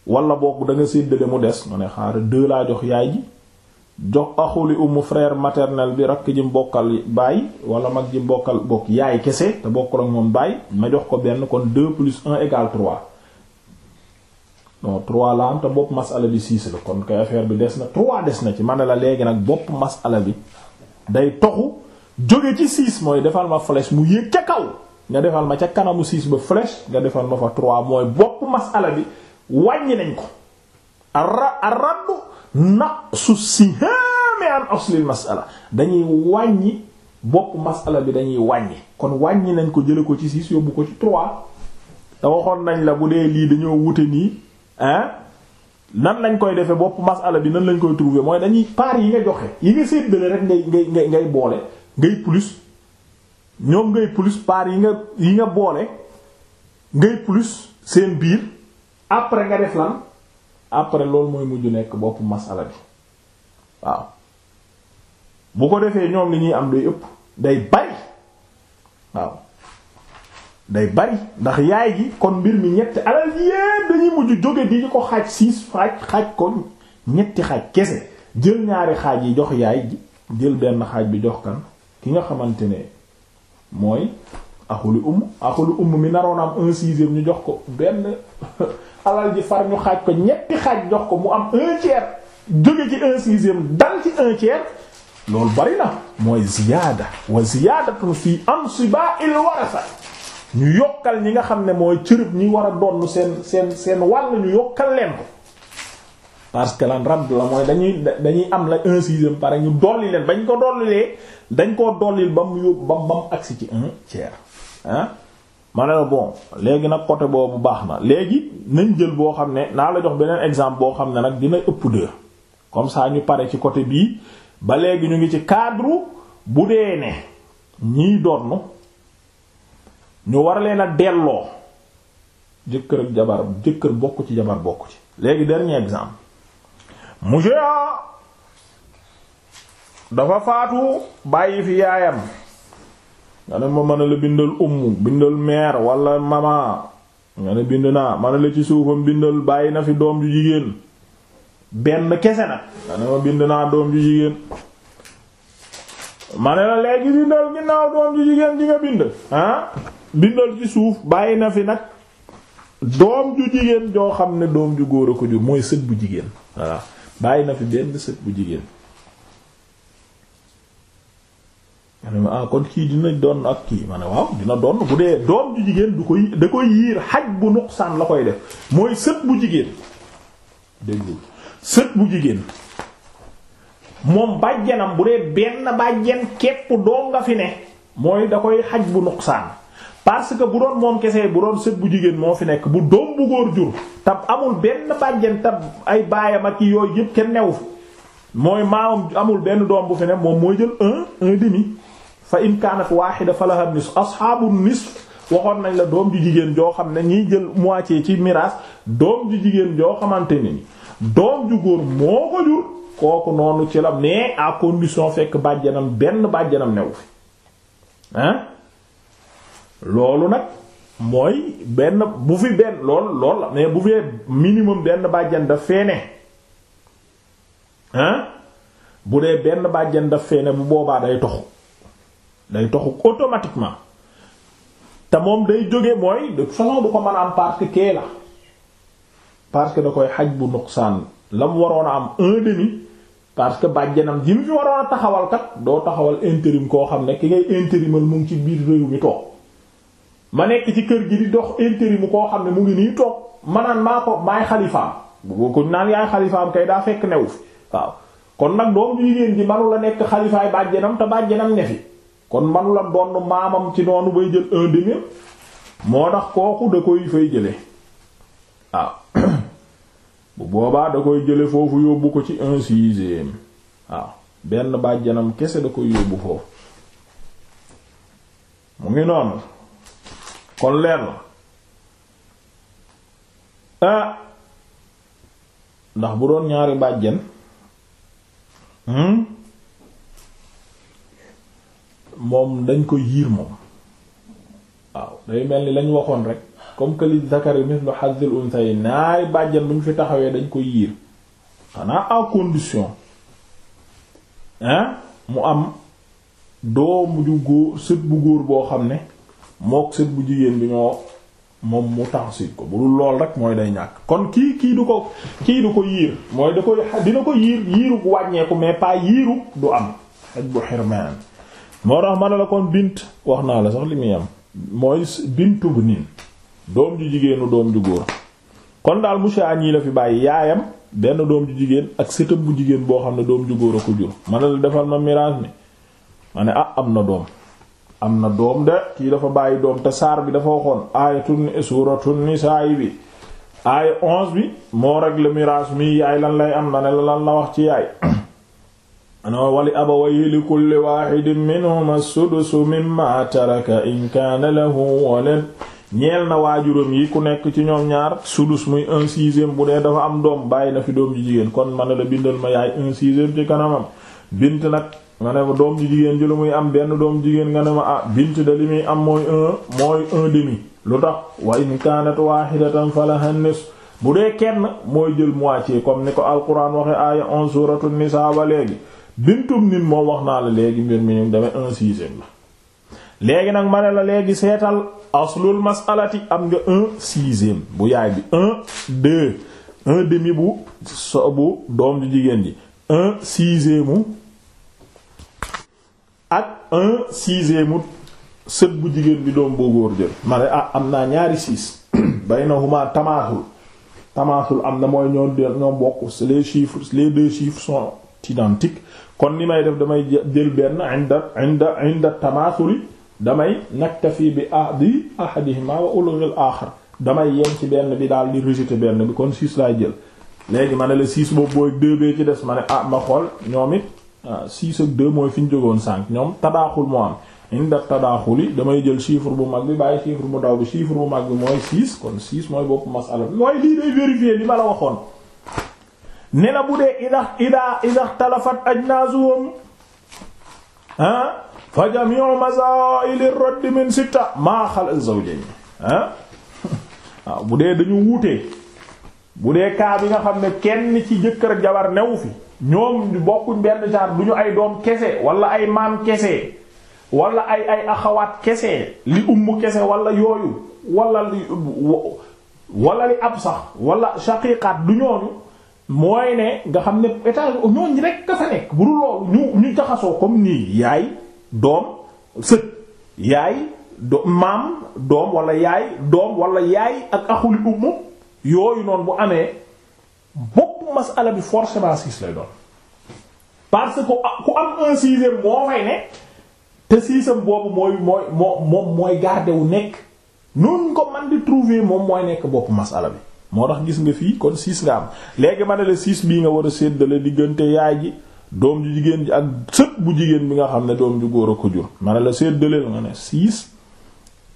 walla boog da nga séddale mu des ma ne xaaral 2 laa jox yaay ji. jox axuli umu frère maternel bi rakk ji mbokkal baay wala mag ji mbokkal bokk yaay kese te bokkul ak moom baay ma jox ko benn kon 2 plus un égale 3 trois 3 la am te bopp masala bi 6 la kon kay affaire bi des na 3 des na ci man la léegi nag bopp masala bi day toxu jóge ci 6 mooy defal ma flèche mu yéeg ca kaw nga defal ma ca kanamu 6 ba flèche nga defal ma fa 3 mooy bopp masala bi wàññi nañ ko. ar raddu naqsu sihaami an aslil masala dañuy wàññi bopp masala bi dañuy wàññi kon wàññi nañ ko jële ko ci six yóbbu ko ci trois te waxoon nañ la bu dee lii dañoo wute nii ah nan lañ koy defee bopp masala bi nan lañ koy trouver mooy dañuy paar yi nga joxe yi nga séddale rek ngay ngay ngay ngay boole ngay plus ñoom ngay plus paar yi nga yi nga boole ngay plus seen biir après nga def lan après loolu mooy mujj nekk bopp masala bi waaw bu ko defee ñoom li ñuy am day ëpp day bari waaw day bari ndax yaay gi kon mbir mi ñetti alal yépp dañuy mujj jóge di ñu ko xaaj six xaaj xaaj ko ñetti xaaj kese jël ñaari xaaj yi jox yaay jël benn xaaj bi jox kan ki nga xamante ne mooy axuli umm axuli umm mi naroon un sixième ñu jox ko benn [LAUGHS] alal ji far ñu xaaj ko ñetti xaaj jox ko mu am un tiers jóge ci un sixième dal ci un tiers loolu bari mooy ziyaada wa ziyaadatun fi ansibaa'il warasa ñu yokkal ñi nga xam ne mooy cërëb ñi war a donn seen seen seen wàll ñu yokkal leen ko parce que lan rab la mooy dañuy dañuy am la un sixième pare ñu dolli leen bañ ko dollilee dañ koo dollil ba mu yóbbu ba mu agsi ci un tiers ah ma ne la bon léegi nag côté boobu baax na léegi nañ jël boo xam ne naa la jox beneen exemple boo xam ne nag dina ëpp dë comme ça ñu pare ci côté bii ba léegi ñu ngi ci cadre bu dee ne ñiy donn ñu war leen a delloo jëkkër ak jabar jëkkër bokk ci jabar bokk ci léegi dernier exemple monsieur dafa faatu bàyyi fi yaayam nga ne ma mën la bindal ummu bindal mère wala mama nga ne bind naa mën la ci suufam bindal bàyyi na fi doom ju jigéen benn kese na nga ne ma bind naa doom ju jigéen ma ne la léegi bindal bind bindal ci suuf bàyyi na fi nag doom ju jigéen joo xam ne doom ju góor a ko jur mooy sët bu jigéen voilà bàyyi na fi benn sët bu jigéen ma ah, kon kii dina doon ak kii ma ne waaw dina doon bu dee doom ju jigéen du koy da koy yiir xaj bu nuqsaan la koy def mooy sët bu jigéen déggul bu jigéen moom bàjjenam bu dee benn bàjjen képp fi ne mooy da koy xaj bu nuqsaan parce que bu doon moom kese bu doon sët bu jigéen moo fi nekk bu doom bu góor jur tab amul benn bàjjen tab ay baayam ak yooyu yëpp kenn newu mooy maamam benn doom bu fi ne moom mooy jël un un demi fa in kaanat waahida falaha ashaabu nisf waxoon nañ la doom ju jigéen joo xam ne ñiy jël moitié ci miraas doom ju jigéen joo xamante ne ni doom ju góor moo ko jur kooku noonu ci la mais à condition fekk bàjjanam benn bàjjanam newu fi hein loolu nag mooy benn bu fi benn lool lool la mais bu fee minimum benn bàjjan daf feene bu dee benn bàjjan daf feene bu boobaa day toxu day toxu automatiquement te moom day jóge mooy de façon du ko mën a am parce que kee la parce que da koy xaj bu sànn la mu waroon a am un demi parce que bàjjanam ji mu fi waroon a taxawal kat doo taxawal intérim koo xam ne ki ngay intérimal mu ngi ci biir réew mi toog ma nekk ci kër gi di dox intérim koo xam ne mu ngi nii toog ma naan maa ko maay xalifaam bu ko naan yaay xalifaam kay daa fekk newu fi waaw kon nag doom jigéen ji manu la nekk xalifaay bàjjanam te bàjjanam ne fi kon manu la doon maamam ci noonu bay jël un demi moo tax kooku da koy fay jële waaw [COUGHS] bu boobaa da koy jële foofu yóbbu ko ci un sixième waaw benn bàjjanam kese da koy yóbbu foofu mu ngi noonu kon leer na ah. ndax bu doon ñaari bàjjan hmm? moom dañ ko yiir moom waaw day mel ni lañ waxoon rek comme que li zakari mithlu hazzil unsay naari bàjjan bu ñu fi taxawee dañ ko yiir xanaa en condition hein mu am doom ju góor sët bu góor boo xam ne mook sët bu jigéen bi ñoo moom mu taxsiib ko bu dul lool rek mooy day ñàkk kon kii kii du ko kii du ko yiir mooy da ko dina ko yiir yiirug wàññeeku mais pas yiirug du am ak bu xirmaan moo tax ma ne la kon bint wax naa la sax li muy am mooy bintu bu nin doom ju jigéenu doom ju góor kon daal monsieur añii la fi bàyyi yaayam benn doom ju jigéen ak sëtëm bu jigéen boo xam ne doom ju góor a ko jur ma ne la defal ma miraas mi ma ne ah am na doom am na doom de kii dafa bàyyi doom te saar bi dafa waxoon aayatun suratun nisaa bi aaya onze bi moo rek la miraas mi yaay lan lay am na ne la lan la wax ci yaay noo wali abawayhi li kulli waaxidin minhuma sudusu mimma taraka in kaana lahu walad ñeel na waajuram yi ku nekk ci ñoom ñaar sudus muy un sixième bu dee dafa am doom bàyyi na fi doom ji jigéen kon ma la bindal ma yaay un sixième ci kanamam bint nag nga ne ma doom ji jigéen ji lu muy am benn doom jigéen nga ne ma ah bint da li muy am mooy un mooy un demi lu tax wa in kaanat waahidatan falaha bu dee kenn mooy jël moitié comme ni ko alquran waxe aaya 11 suratu nisa ba léegi bintum nin moom wax naa la léegi mbir mi ñu demee un sixième la léegi nag ma ne la léegi seetal aslul masalati am nga un sixième bu yaay bi un deux un demi bu so bu doom jigéen ji un sixième ak un sixième sët bu jigéen bi doom boo góor jël ma ne ah am naa ñaari na [COUGHS] baynahuma tamaasul tamaasul am na mooy ñoo ñoo bokk les chiffres les deux chiffres sont identiques kon ni may def damay jël benn inda inda inda tamaasuli damay naktafi bi ahdi ahadihima wa ulugh al axar damay yem ci benn bi daal di rejeter benn bi kon 6 laay jël léegi ma ne la 6 boobu booy 2 bee ci des ma ne ah ma xool ñoom it ah 6 ak 2 mooy fi ñu jógoon sànq ñoom tadaaxul moo am inda tadaaxul yi damay jël chiffre bu mag bi bàyyi chiffre bu ndaw bi chiffre bu mag bi mooy 6 kon 6 mooy bopp masala bi mooy lii day vérifier li ma la waxoon. ne la bu dee ida ida ida xtalafat ajnaasuhum ah fa jami'u masaa'il ar-radd min sitta maa xal zawjayn ah [LAUGHS] waaw bu dee dañu wuutee bu dee kaa bi nga xam ne kenn ci jëkkër ak jabar newu fi ñoom bokkuñ benn genre du ñu ay doom kese wala ay maam kese wala ay ay axawaat kese li umm kese wala yooyu wala li wala li ab sax wala shaqiqaat du ñooñu mooy ne nga xam ne état ñooñu rek ka bu dul loolu ñu ñu jaxasoo comme nii yaay doom sët yaay do maam doom wala yaay doom wala yaay ak axuli ummu yooyu noonu bu amee bopp masala bi forcément six lay doon parce que ku am un sixième moo fay ne te sixième boobu mooy mooy moo moom mooy garde wu nekk nun ko man di trouver moom mooy nekk bopp masala bi moo tax gis nga fii kon 6 nga am léegi ma ne la 6 bii nga war a séddale diggante yaay ji doom ju jigéen ji ak sët bu jigéen bi nga xam ne doom ju góor a ko jur ma ne la séddaleel nga ne 6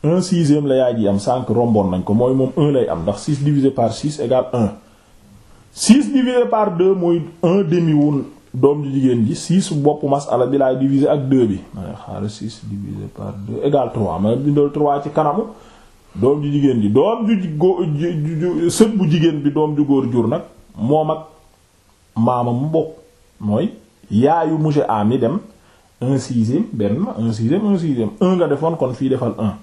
1 sixième la yaay ji am sànq romboon nañ ko mooy moom 1 lay am ndax 6 divisé par 6 égale 1 6 divisé par 2 mooy 1 demi wu doom ju jigéen ji 6 boppu masala bi laay divisé ak 2 bi ma ne xaaral 6 divisé par 2 égale 3 ma ne bindal ci kanamu. doom ju jigéen ji doom ju sët bu jigéen bi doom ju góor jur nag moom ak maamam mu bokk mooy yaayu monsieur A mi dem un sixième benn un sixième un sixième un nga defoon kon fii defal un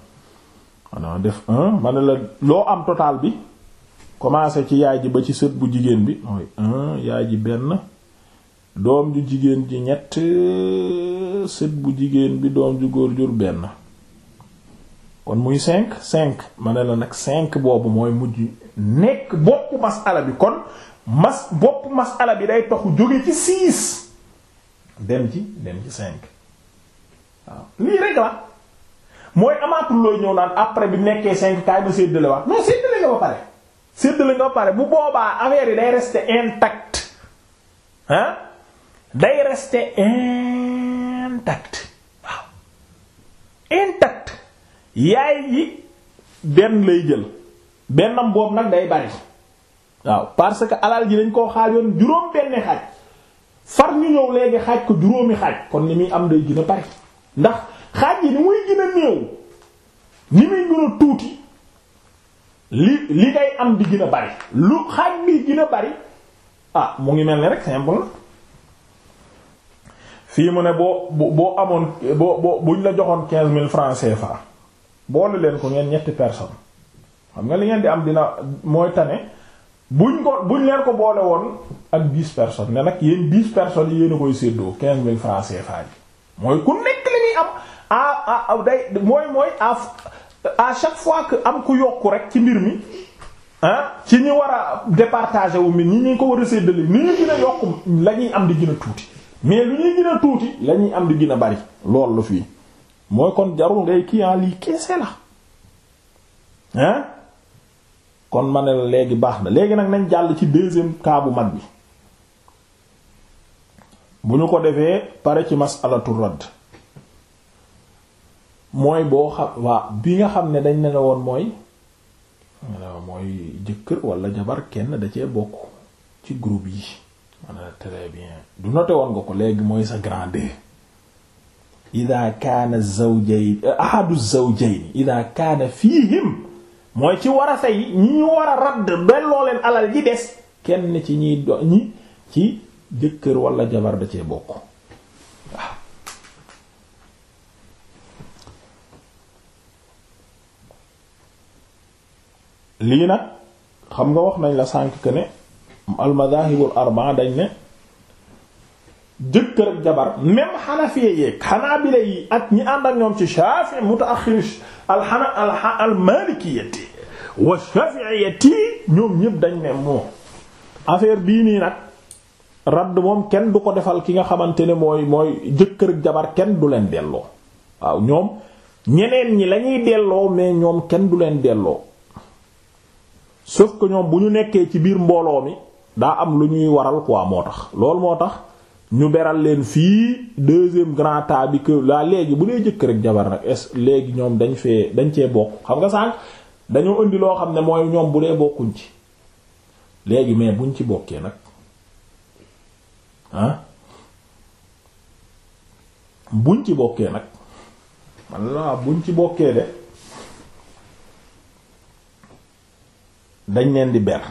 xanaa def un la loo am total bi commencé ci yaay ji ba ci sët bu jigéen bi mooy un yaay ji benn doom ju jigéen ji ñett sët bu jigéen bi doom ju góor jur benn kon muy cinq cinq ma ne la nag cinq boobu mooy mujj nekk boppu masala bi kon mas boppu masala bi day taxu jóge ci six dem ci dem ci cinq waaw lii rek la mooy amaatul looy ñëw naan après bi nekkee cinq kaay ma la wax non séddale nga ba pare séddale nga ba pare bu boobaa affaire yi day rester intact ah day rester intact waaw intact yaay yi benn lay jël bennam boobu nag day bari waaw parce que alal ji dañ koo xaajoon juróom benni xaaj far ñu ñëw léegi xaaj ko juróomi xaaj kon ni muy am day gën a bari ndax xaaj yi ni muy gën a ni muy gën tuuti li li ngay am di gën bari lu xaaj bi gën bari ah mu ngi mel ni rek simple na fii mu ne boo boo amoon boo boo buñ la joxoon quinze mille francs CFA boole leen ko ngeen ñetti personne xam nga li ngeen di am dina mooy tane buñ ko buñ leen ko boole woon ak dix personne ne nag yéen dix personnes yéen a koy séddoo quinze mille francs CFA bi mooy ku nekk la ñuy am à day mooy mooy à à chaque fois que am ku yokku rek ci mbir mi ah ci ñi war a départager wu mi ñi ñu ko war a séddale ni ñu gën a la ñuy am di gën a tuuti mais lu ñuy gën tuuti la ñuy am di gën a bari loolu la fii mooy kon jarul ngay kii en ah, lii keese la hein kon ma ne la léegi baax na léegi nag nañ jàll ci deuxième cas bu mag bi bu ñu ko defee pare ci masalatu radd mooy boo xam waa bi nga xam ne dañ ne woon mooy mooy jëkkër wala jabar kenn da cee bokk ci groupe yi man très bien du noté woon nga ko léegi mooy sa grande ida kaana zawjay ahadu zawjayni ida kaana fiihim mooy ci war a say ñi war a radd delloo leen alal ji des kenn ci ñiy do ñi ci jëkkër wala jabar da cee bokk waaw lii nag xam nga wax nañ la sànq que ne al arba'a dañ ne jëkkër ak jabar même xanafee yeeg yi ak ñi ànd ak ñoom ci Shaafi mutaaxir alxana almalikiyati wa shafi'iyati ñoom ñëpp dañ ne moo affaire bii nii nag radd moom kenn du ko defal ki nga xamante ne mooy mooy jëkkër ak jabar kenn du leen delloo waaw ñoom ñeneen ñi lañuy delloo mais ñoom kenn du leen delloo sauf ko ñoom bu ñu nekkee ci biir mbooloo mi daa am lu ñuy waral quoi moo tax loolu moo tax. ñu beral leen fii deuxième grand tas bi que laa léegi bu dee jëkk rek jabar nag est léegi ñoom dañ fee dañ cee bokk xam nga sànq dañoo indi loo xam ne mooy ñoom bu dee bokkuñ ci léegi mais buñ ci bokkee nag ah buñ ci bokkee nag man la buñ ci bokkee de dañ leen di ber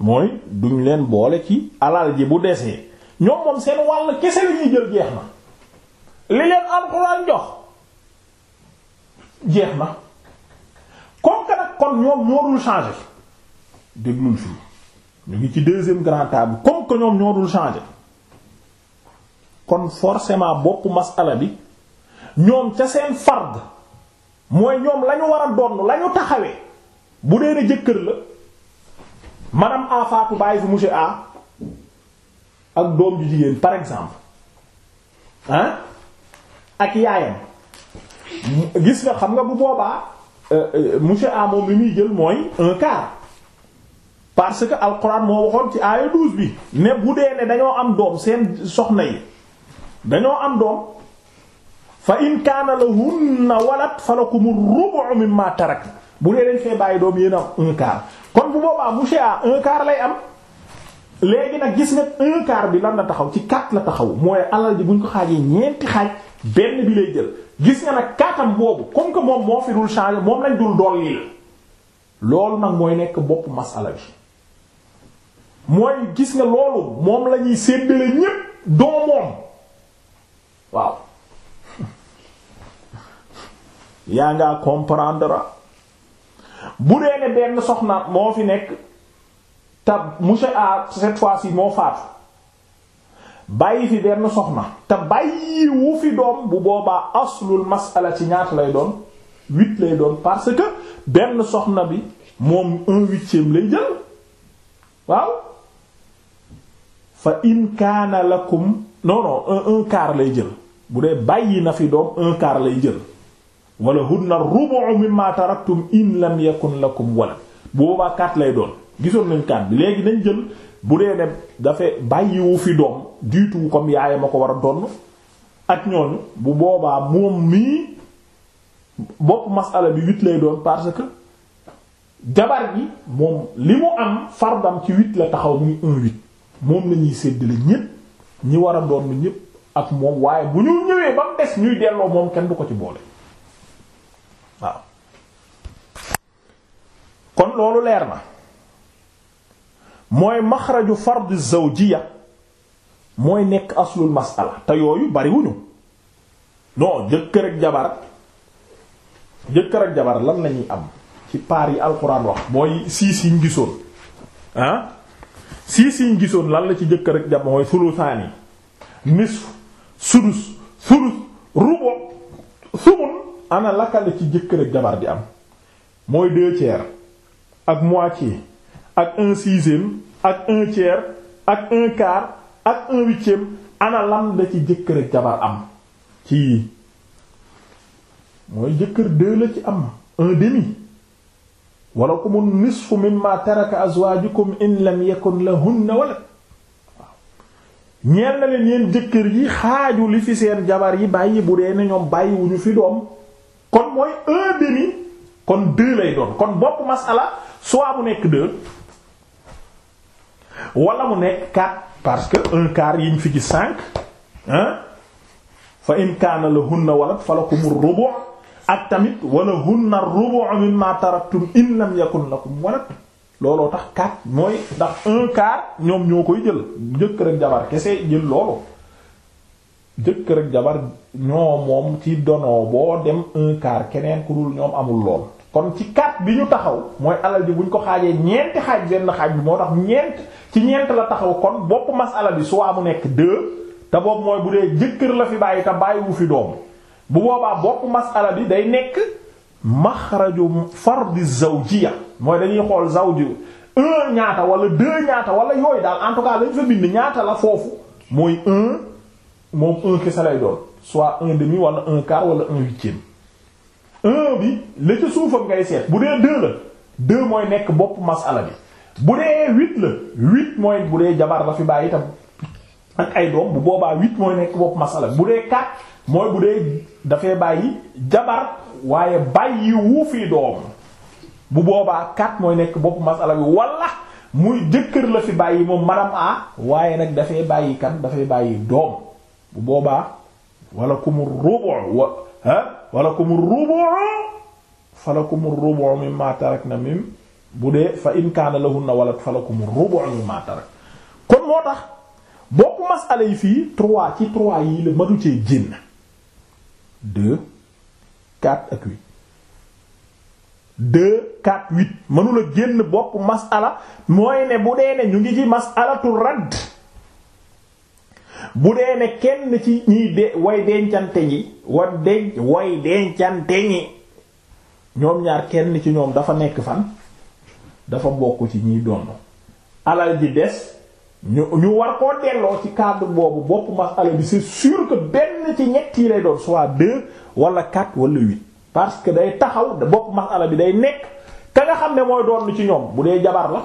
mooy duñ leen boole ci alal ji bu desee ñoom moom seen wàll kese lañuy jël jeex na li leen alxuraan jox jeex na comme que nag kon ñoom ñoorul changer déglul fii ñu ngi ci deuxième grand table comme que ñoom ñoorul changer kon forcément bopp masala bi ñoom ca seen fard mooy ñoom la ñu donn la ñu taxawee bu dee ne jëkkër la madame A Fatou bàyyi fi monsieur A ak doom ju jigéen par exemple ak yaayam gis nga xam nga bu boobaa euh, euh, monsieur A moom li muy jël mooy un quart parce que alxuraan moo waxoon ci aaya douze bi ne bu dee ne dañoo am doom seen soxna yi dañoo am doom fa in kaana lahunna walad falakumu rubu mimma tarak bu dee dañ fee bàyyi doom yéen a un kon bu boobaa monsieur A lay am. léegi nag gis nga un bi lan la taxaw ci quatre la taxaw mooy alal ji buñ ko xaajee ñeenti xaaj benn bi lay jël gis nga nag kaatam boobu comme que moom moo fi dul changer moom lañ dul dollil nag mooy nekk bopp masala bi mooy gis nga loolu moom la ñépp doo moom waaw [LAUGHS] yaa ngaa comprendre bu dee ne benn soxna moo fi nekk te monsieur A cette fois yi moo faatu bàyyi fi benn soxna te bàyyi wu fi doom bu boobaa aslul masala ci ñaata lay doon huit lay doon parce que benn soxna bi moom un huitième lay jël waaw fa in kaana lakum un un quart lay jël bu dee bàyyi na fi doom un quart lay jël wala hunna rubu'u mimma in lam yakun lakum walad bu boobaa quatre lay doon gisoon nañ kàddu léegi nañ jël bu dee dem dafa bàyyiwu fi doom du tout comme yaayam a ko war a donn ak ñooñu bu boobaa moom mii bopp masala bi huit lay doon parce que jabar gi moom li mu am fardam ci huit la taxaw muy un huit moom la ñuy séddale ñépp ñi war a doon ñépp ak moom waaye bu ñu ñëwee ba mu des ñuy delloo moom kenn du ko ci boole waaw kon loolu leer na mooy maxraju fard zawjiya mooy nekk aslul masala te yooyu bariwuñu non jëkkër ak jabar jëkkër ak jabar lan lañuy am ci paar yi alxuraan wax mooy siis yiñ gisoon ah siis yiñ gisoon lan la ci jëkkër ak jabar mooy sulusaani nisf sudus sudus rubo sumun ana laka ci jëkkër ak jabar di am mooy deux tiers ak moitié ak un sixième ak un tiers ak un quart ak un huitième ana lan ci jëkkër ak jabar am ci mooy jëkkër deux la ci am un demi wala kumun nisfu mimma taraka azwajukum in lam yakun lahunna walad ñeel na leen yeen jëkkër yi xaaju li fi seen jabar yi bàyyi bu dee ne ñoom bàyyiwuñu fi doom kon mooy un demi kon deux lay doon kon bopp masala soit mu nekk deux wala mu ne quatre parce que un quart yi ñu fi ci cinq hein fa in kaana lahunna walad falakum rubu' ak tamit wala hunna rubu' mimma taraktum in na yakun lakum walad looloo tax quatre mooy ndax un quart ñoom ñoo koy jël jëkkër ak jabar kese jël loolu jëkkër ak jabar ñoo moom ci donoo boo dem un quart keneen ku dul ñoom amul lool kon ci quatre bi ñu taxaw mooy alal ji buñ ko xaajee ñeenti xaaj benn xaaj bi moo tax ñeent ci ñeent la taxaw kon bopp masala bi soit mu nekk deux te boobu mooy bu dee jëkkër la fi bàyyi te bàyyiwu fi doom bu boobaa bopp masala bi day nekk far maxraju fardi zawjiya mooy dañuy xool zawji un ñaata wala deux ñaata wala yooyu daal en tout cas lañ fa bind ñaata la foofu mooy un moom un kese lay doon soit un demi wala un quart wala un huitième un bi la ca suufam ngay seet bu dee deux la deux mooy nekk bopp masala bi bu dee huit la huit mooy bu dee jabar la fi bàyyi tam ak ay doom bu boobaa huit mooy nekk bopp masala bu dee quatre mooy bu dee dafay bàyyi jabar waaye bàyyi wu fi doom bu boobaa quatre mooy nekk bopp masala bi wala muy jëkkër la fi bàyyi moom madame A waaye nag dafay bàyyi kan dafay bàyyi doom bu boobaa wala kumu rubu wa ah wala kumu rubu fala kumu rubu mimma tarakna mim bu dee fa in kaana lahunna walad falakum rubu' mimma tarak kon moo tax bokk masala yi fii trois ci trois yii la matu cee génn deux ak huit deux quatre huit mënula génn bopp masala mooy ne bu dee ne ñu ngi ci masalatu radd bu dee ne kenn ci ñiy de way dencante ñi wa way dencante ñi ñoom ñaar kenn ci ñoom dafa nekk fan dafa bokk ci ñiy donn alal ji des ñu ñu war koo delloo ci cadre boobu bopp masala bi c'est sûr que benn ci ñett yi doon soit deux wala quatre wala huit parce que day taxaw bopp masala bi day nekk ka nga xam ne mooy doon ci ñoom bu dee jabar la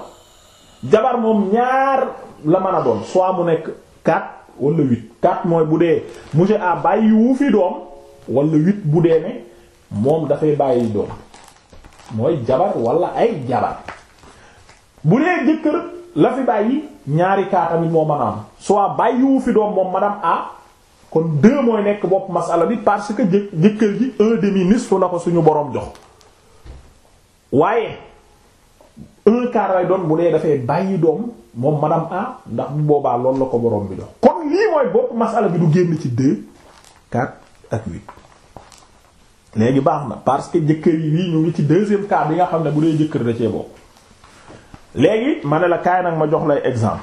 jabar moom ñaar la mën a doon soit mu nekk quatre wala huit quatre mooy bu dee monsieur a bàyyiwu fi doom wala huit bu dee ne moom dafay bàyyi doom mooy jabar wala ay jabar bu dee jëkkër la fi bàyyi ñaari kaa tamit moo mën a am soit bàyyiwu fi doom moom madame A kon dë mooy nekk bopp masala bi parce que jë jëkkër ji un demi nisfu na ko suñu boroom jox waaye un quart lay doon bu dee dafay bàyyi doom moom madame A ndax bu boobaa loolu la ko boroom bi jox kon lii mooy bopp masala bi du génn ci deux quatre ak huit léegi baax na parce que jëkkër yi ñu ngi ci deuxième cas bi nga xam ne bu dee jëkkër la cee bokk. léegi ma ne la kaay nag ma jox lay exemple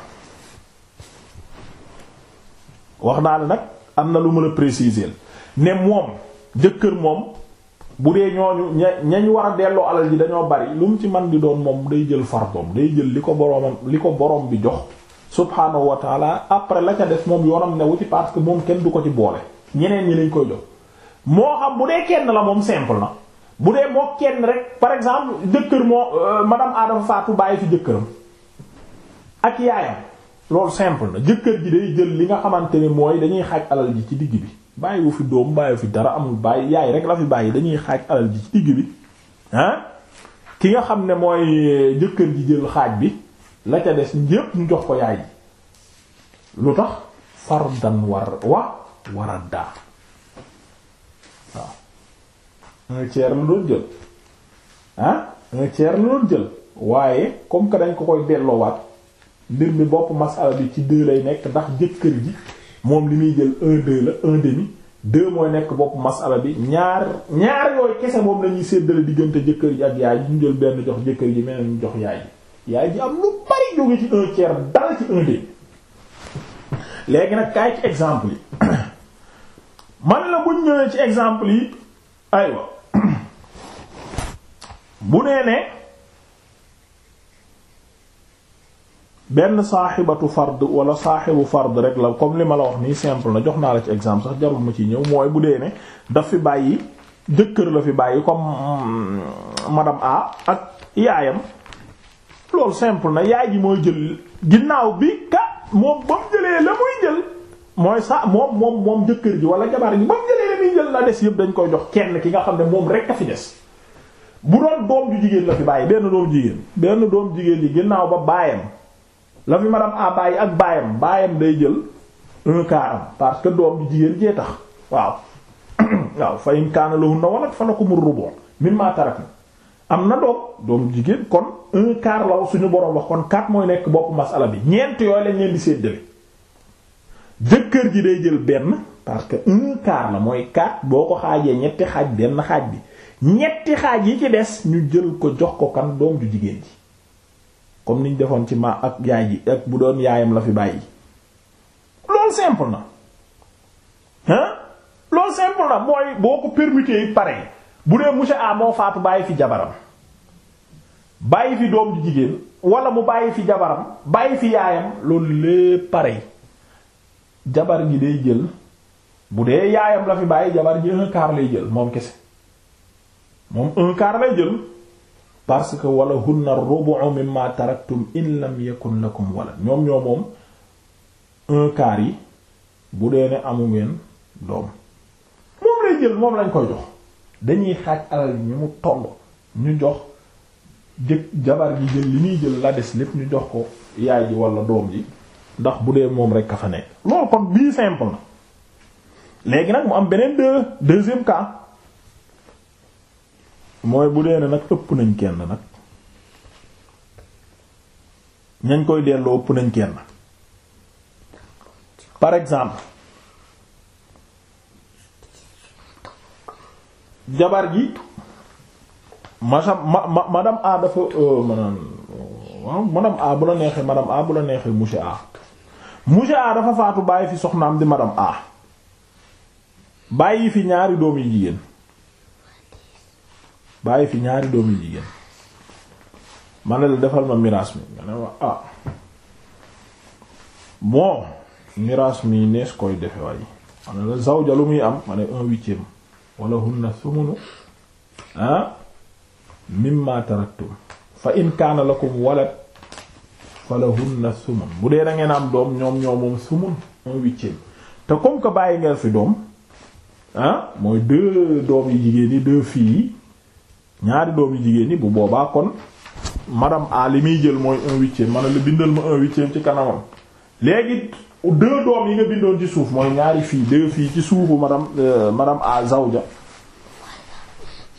wax naa la nag am na lu ma la préciser ne moom jëkkër moom bu dee ñooñu ña ñañ war a delloo alal ji dañoo bari lu mu ci man di doon moom day jël fardoom day jël li ko boroomam li ko boroom bi jox subhaanahu wa taala après la ca def moom yoonam newu ci parce que moom kenn du ko ci boole ñeneen ñi lañ koy jox moo xam bu dee kenn la moom simple na bu dee moo kenn rek par exemple jëkkër moo euh, madame A dafa faatu bàyyi fi jëkkëram ak yaayam loolu simple na jëkkër ji day jël li nga xamante ne mooy dañuy xaaj alal ji ci digg bi bàyyiwu fi doom fi dara amul bàyyi yaay rek la fi bàyyi dañuy xaaj alal ji ci digg bi ah ki nga xam ne mooy euh, jëkkër ji jël xaaj bi la ca des yépp ñu jox ko yaay lu tax fardan war wa war a daa un tiers la doon jël ah un tiers la doon jël waaye comme que dañ ko koy delloowaat mbir mi bopp masala bi ci deux lay nekk ndax jëkkër ji moom li muy jël un la un demi deux mooy nekk bopp masala bi ñaar ñaar yooyu kese moom lañuy séddale diggante jëkkër ji ak yaay ji ñu jël benn jox jëkkër ji meneen ñu jox yaay ji yaay ji am lu bari jóge ci un tiers ci un demi léegi nag kaay ci exemple yi [COUGHS] man la buñ ñëwee ci exemple yi aywa bu nee ne benn saaxibatu fard wala saaxibu fard rek la comme li ma la wax nii simple na jox naa la ci exemple sax jarul ma ci ñëw mooy bu dee ne daf fi bàyyi jëkkër la fi bàyyi comme mm, madame A ak yaayam lool simple na yaay ji mooy jël ginnaaw bi ka moom ba mu jëlee la muy jël mooy sa moom moom moom jëkkër ji wala jabar ji ba mu jëlee la muy jël la des yëpp dañ koy jox kenn ki nga xam ne moom rek a fi des. bu doon doom ju jigéen la fi bàyyi benn doom jigéen benn doom jigéen yi ginnaaw ba baayam la fi madame a bàyyi ak baayam baayam day jël un quart parce que doom ju jigéen jee tax waaw [COUGHS] waaw fa in kaana lahunna walad falakumu rubu' mimma am na doom doom jigéen kon un quart la suñu borom wax kon quatre mooy nekk boppu masala bi ñeent yooyu lañ leen di séddale jëkkër ji day jël benn parce que un quart la mooy quatre boo ko xaajee ñetti xaaj benn xaaj bi ñetti xaaj yi ci des ñu jël ko jox ko kan doom ju jigéen ji comme niñ defoon ci ma ak yaay ji ak bu doon yaayam la fi bàyyi loolu simple na hein loolu simple na mooy boo ko permuté yi pare bu dee monsieur amoo faatu bàyyi fi jabaram bàyyi fi doom ju jigéen walla mu bàyyi fi jabaram bàyyi fi yaayam loolu lépp pare jabar gi day jël bu dee yaayam la fi bàyyi jabar ji un lay jël moom kese moom un quart lay jël parce que wala hunna rubu'u mimma taraktum in lam yakun lakum wala ñoom ñoo moom un quart yi bu dee ne amu ngeen doom moom lay jël moom lañ koy jox dañuy xaaj alal yi ñu mu toll ñu jox jëkk jabar ji jël li muy jël la des lépp ñu jox ko yaay ji wala doom ji ndax bu dee moom rek a fa nekk loolu kon bii simple na léegi nag mu am beneen deux deuxième cas mooy bu dee ne nag ëpp nañ kenn nag ñañ koy delloo ëpp nañ kenn par exemple jabar ji ma madame A dafa euh, maanaam waaw A bu la neexee madame A bu la neexee monsieur A dafa faatu bàyyi fi soxnaam di madame A bàyyi fi ñaari doom yi jigéen bàyyi fi ñaari doom yu jigéen ma la defal ma miraas mi nga ne ma ah bon miraas mi nees koy defe waaye ma la zawja lu muy am ma ne un huitième wala na sumunu ah mimma taraktum fa in kaana lakum walad falahunna sumun bu dee da am doom ñoom ñoom sumun un huitième te comme que bàyyi ngeen fi doom ah mooy deux doom yi jigéen yi deux filles yi ñaari doom yu jigéen ñi bu boobaa kon madame A li muy jël mooy un huitième man la bindal ma un huitième ci kanamam léegi deux doom yi nga bindoon ci suuf mooy ñaari fii deux fii ci suufu madame euh, madame A zawja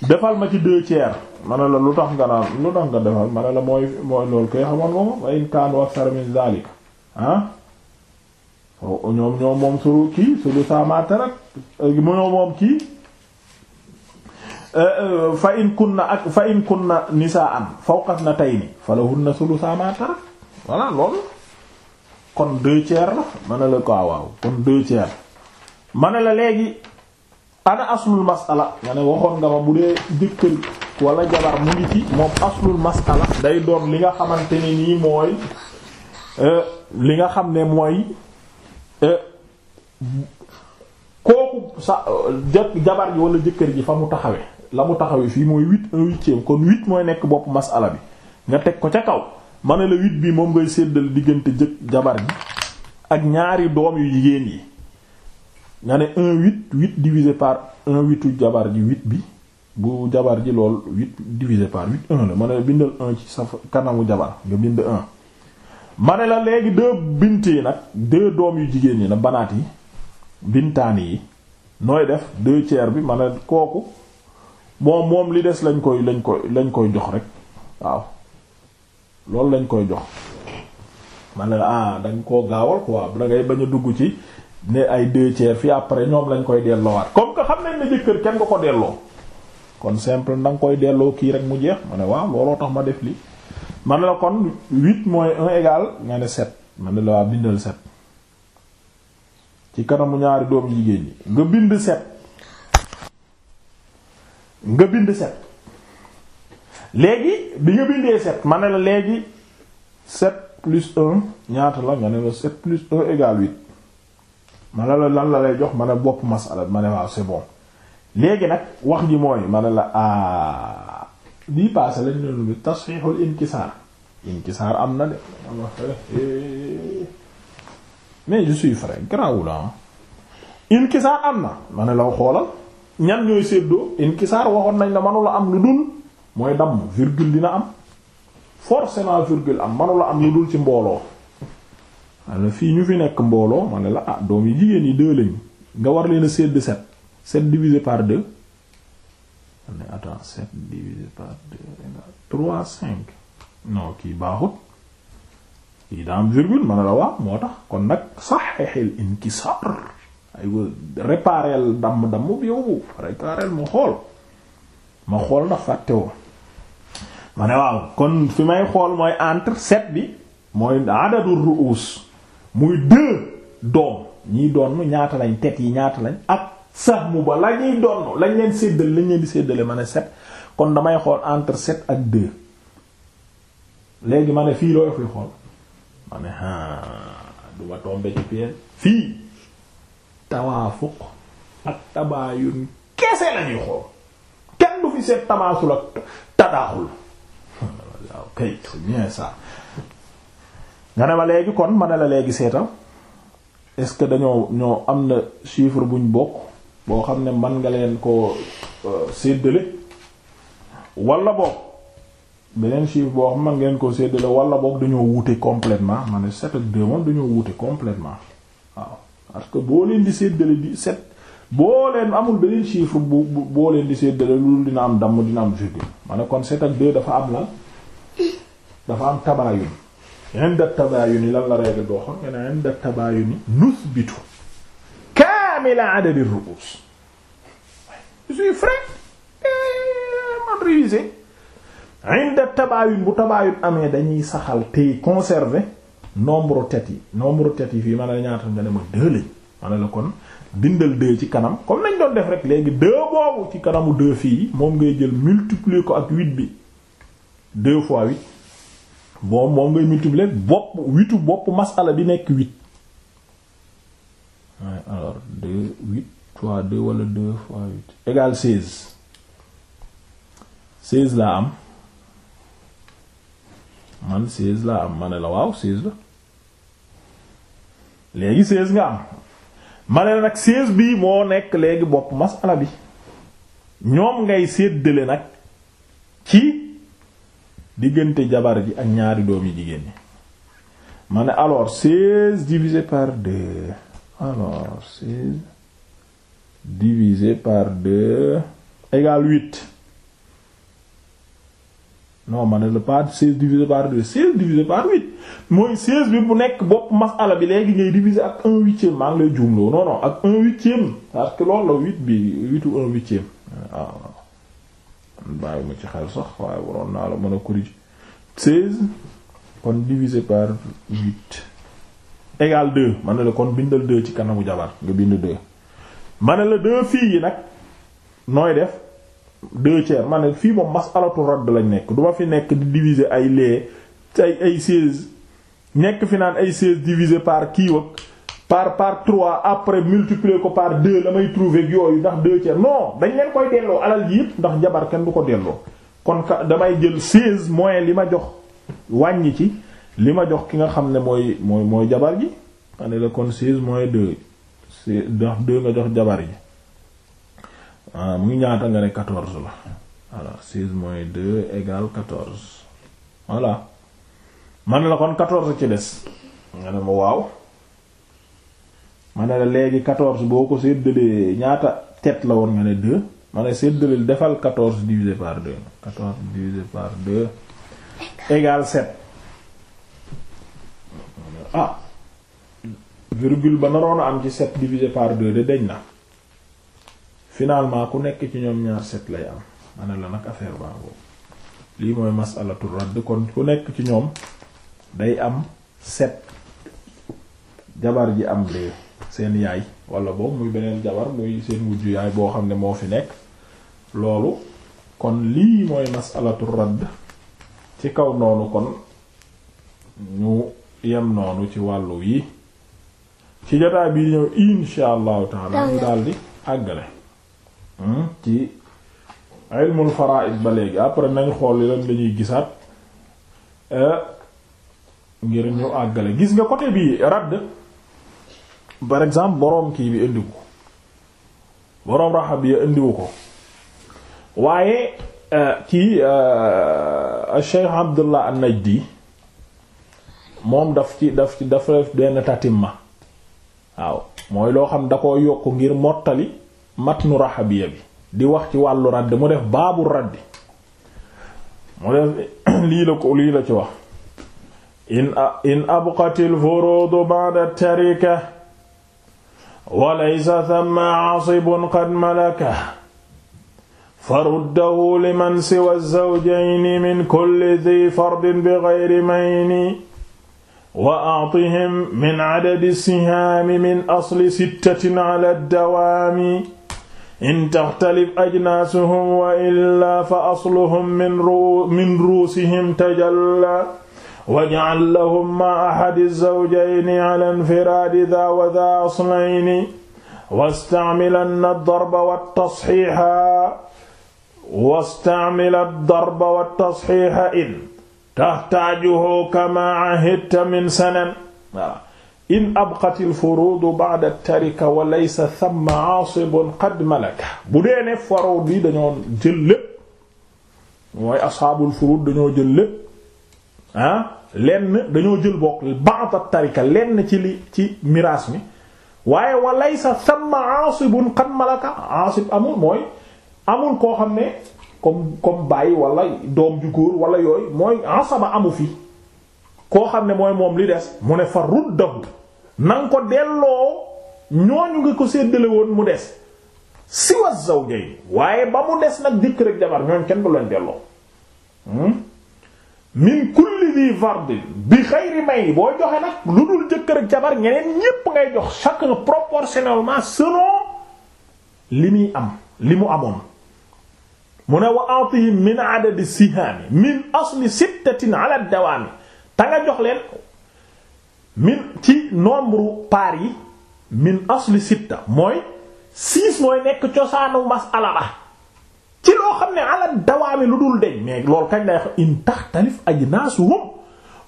defal ma ci deux tiers man la lu tax nga naan lu tax nga defal man la mooy mooy loolu koy xamoon nga ko wa in kaanu akthar min ah? oh, ñoom ñoom moom suru kii suru sama tarak ñoom moom kii Eh, eh, fa in kunna ak fa in kunna nisaan fawqa natayni na thulutha ma tarak voilà loolu kon deux tiers la ma ne la ko ah, waaw kon deux tiers ma ne la léegi ana aslul masala nga ne waxoon nga ma bu dee jëkkër wala jabar mu ngi ci moom aslul masala day doon li nga xamante ni nii mooy eh, li nga xam ne mooy kooku sa jabar ji wala jëkkër ji fa mu taxawee la mu taxawee fii mooy huit un huitième kon huit mooy nekk bopp masala bi nga teg ko ca kaw ma ne la huit bi moom ngay séddal diggante jëkk jabar ji ak ñaari doom yu jigéen yi nga ne un huit huit divisé par un huitu jabar ji huit bi bu jabar ji lool huit divisé par huit un la ma la bindal un ci sa kanamu jabar nga bind en ma la léegi deux bint yi nag deux doom yu jigéen yi nag banaat yi bintaan yi nooy def deux tiers bi ma kooku moom moom li des lañ koy lañ koy lañ koy jox rek waaw loolu lañ koy jox man la ah dañ koo gaawal quoi da ngay bañ a dugg ci ne ay deux fi fii après ñoom lañ koy delloowaat comme que xam nañ ne jëkkër kenn nga ko delloo kon simple da koy delloo kii rek mu jeex ma ne waaw looloo tax ma def li man la kon huit moins un égal nga ne sept man la waa bindal set ci kanamu ñaari doom jigéen ñi nga bind sept nga bind set léegi bi nga bindee set ma ne la léegi sept plus un ñaata la nga ne la sept plus un égale huit ma ne la lan la lay jox ma ne bopp masala ma ne waaw c'est léegi nag wax ji mooy ma ne la ah bii passé lañ ne lu tasxiixul inkisaar inkisaar am na de mais je suis franc garaawul inkisaar am na ma ne la xoolal. ñan ñooy séddoo inkisaar waxoon nañ la manula am lu dul mooy damm virgule dina am forcément virgule am manula am lu dul ci mbooloo walla fii ñu fi nekk mbooloo ma la ah doom yi jigéen yi deux lañ nga war leen a sédd sept sept divisé par deux ma ne trois cinq non kii baaxut kii daa am virgule ma la waaw moo tax kon nag saxexel inkisaar aywa réparel damm-damm bi yow réparel ma xool ma xool na fàtte woo ma ne waaw kon fi may xool mooy entre set bi mooy adadu ruus muy deux doom ñii doon ñaata lañ tet yi ñaata lañ ak mu ba la ñuy doon lañ leen séddale lañ leen di séddale ma ne set kon damay xool entre set ak deux léegi ma ne fii looy fi xool ma ne ah du ma ci piège fii tawaafuq ak tabaayun kese lañuy xool kenn du fi seet tamaasul ak tadaaxul waaw kay c'est bien nga ne ma léegi kon ma ne la léegi seetal est-ce dañoo ñoo am na chiffre buñ bokk boo xam ne man nga leen ko euh, séddale wala boog beneen chiffre boo xam ne mën ngeen ko séddale wala boog dañoo wuute complètement ma ne sept ak deux moom dañoo wuute complètement waaw parce que boo leen di séddale di set boo leen amul beneen chiffre bu boo leen di séddale loolu dina am damm dina am virgule ma ne kon sept ak deux dafa am lan dafa am tabaayun inda tabaayuni lan la règle boo xam nga ne inda tabaayuni nuthbitu kaamila adadi ru'us je suis man révisé bu tabaayun amee dañuy saxal tey conserver nombre tet yi nombre tet yi fii man la ñaata nga ne ma deux lañ man la kon bindal deux ci kanam comme nañ doon def rek léegi deux boobu ci kanamu deux fii moom ngay jël multiplier ko ak huit bi deux fois huit bon moom ngay multiplier bopp huitu bopp masala bi nekk huit alors deux huit fois deux wala deux fois huit égale seize seize laa am man seize laa am ma la waaw seize la léegi seize nga am ma ne nag seize bi moo nekk léegi bopp masala bi ñoom ngay séddale nag ci diggante jabar ji ak ñaari doom yi jigéen ñi ma ne alors seize divisé par deux alors seize divisé par deux égale non ma ne la pas 16 divisé par 2 16 divisé par 8 mooy 16 bi bu nekk bopp masala bi léegi ngay diviser ak 1 huitième maa ngi lay juumloo non non ak 1 huitième parce que loolu la 8 bi 8 ou 1 huitième waaw ah, bàyyi ma ci xel sax waaye waroon naa la mën a corriger 16 kon divisé par 8 égal 2 ma ne la kon bindal 2 ci kanamu jabar nga bind 2 ma la 2 fii yi nag nooy def. deux tiers ma ne fii moom masalatu radd lañ nekk du fi nekk di ay lee ay ay seize nekk fi naan ay seize divisé par kii par par trois après multiplier ko par deux la may trouver yooyu ndax deux tiers non dañ leen koy delloo alal ji yëpp ndax jabar kenn du ko delloo kon ka damay jël seize moyens li ma jox wàññi ci li ma jox ki nga xam ne mooy mooy mooy jabar ji ma ne la kon seize moins deux ndax deux nga jox jabar yi ah muy ñaata nga ne quatorze la voilà six moins deux égale quatorze voilà man la kon quatorze ci des nga ne ma waaw ma ne la léegi quatorze boo ko séddalee ñaata tet la woon nga ne deux ma ne defal quatorze divisé par deux quatorze divisé par deux égale sept ah virgule ba naroon a am ci sept divisé par deux de deñ na finalement ku nekk ci ñoom ñaar set lay am ana la nag affaire baa boobu lii mooy masalatu radd kon ku nekk ci ñoom day am set jabar ji am lee seen yaay wala boobu muy beneen jabar muy seen wujju yaay boo xam ne moo fi nekk loolu kon lii mooy masalatu radd ci kaw noonu kon ñu yem noonu ci wàllu yi ci jotaay bi ñëw insha allahu taala ñu daldi àggale Hmm? ci ilmul faraid ba léegi après nañ xool li lan la ñuy gisaat euh, ngir ñu àggale gis nga côté bi radd par exemple boroom kii bi indiwu ko boroom raxa bi indiwu ko waaye euh, kii euh, Cheikh Abdullah an-Najdi moom daf ci daf ci daf def benn tatimma waaw mooy loo xam da ko yokk ngir mottali matnu raxabiya bi di wax ci wàllu radd mu def baabul raddi mu def [CLEARS THROAT] lii la ko lii la ci wax in in abqatil furuudu ba'da tarika wa laysa thamma aasibun qad malaka faruddahu liman siwa zawjayni min kulli dhi fardin bighayri mayni wa a'tihim min adadi sihaami min asli sittatin ala dawaami in taxtalif ajnaasuhum wa illaa fa asluhum min ruusihim tajallaa waj'al lahum ma ahadi zawjayni ala infiraadi daa wa daa aslayni wasta'milanna ad-darba wat-tasxiixa wasta'mila ad-darba wat-tasxiixa in taxtaajuhu kamaa ahidta min sanan in abqatil furuudu ba'da tarika wa laysa thamma aasibun qad malaka bu dañoo jël lépp mooy asxaabul dañoo jël lépp ah, lenn dañoo jël bokk ba'da tarika lenn ci li ci miraas mi waaye wa laysa thamma aasibun qad malaka koo xam ne comme comme wala doom ju góor amu fi koo xam ne mooy moom li des mu ne fa ruddahu na nga ko delloo ñooñu nga ko séddale woon mu des si wa waaye ba mu des nag jëkk rek jabar ñooñ kenn du leen delloo hmm? min kulli di fard bi xayri may boo joxe nag lu dul jëkkër ak jabar ñeneen ñépp ngay jox chacun proportionnellement selon li muy am li mu amoon mu ne wa atihim min adadi sihaami min asli sittatin ala dawaami ta nga jox leen min ci nombre paar yi min asli sitta mooy six mooy nekk cosaanu masala ba ci loo xam ne ala dawaami lu dul deñ mais loolu kañ lay wax in taxtalif ajnaasuhum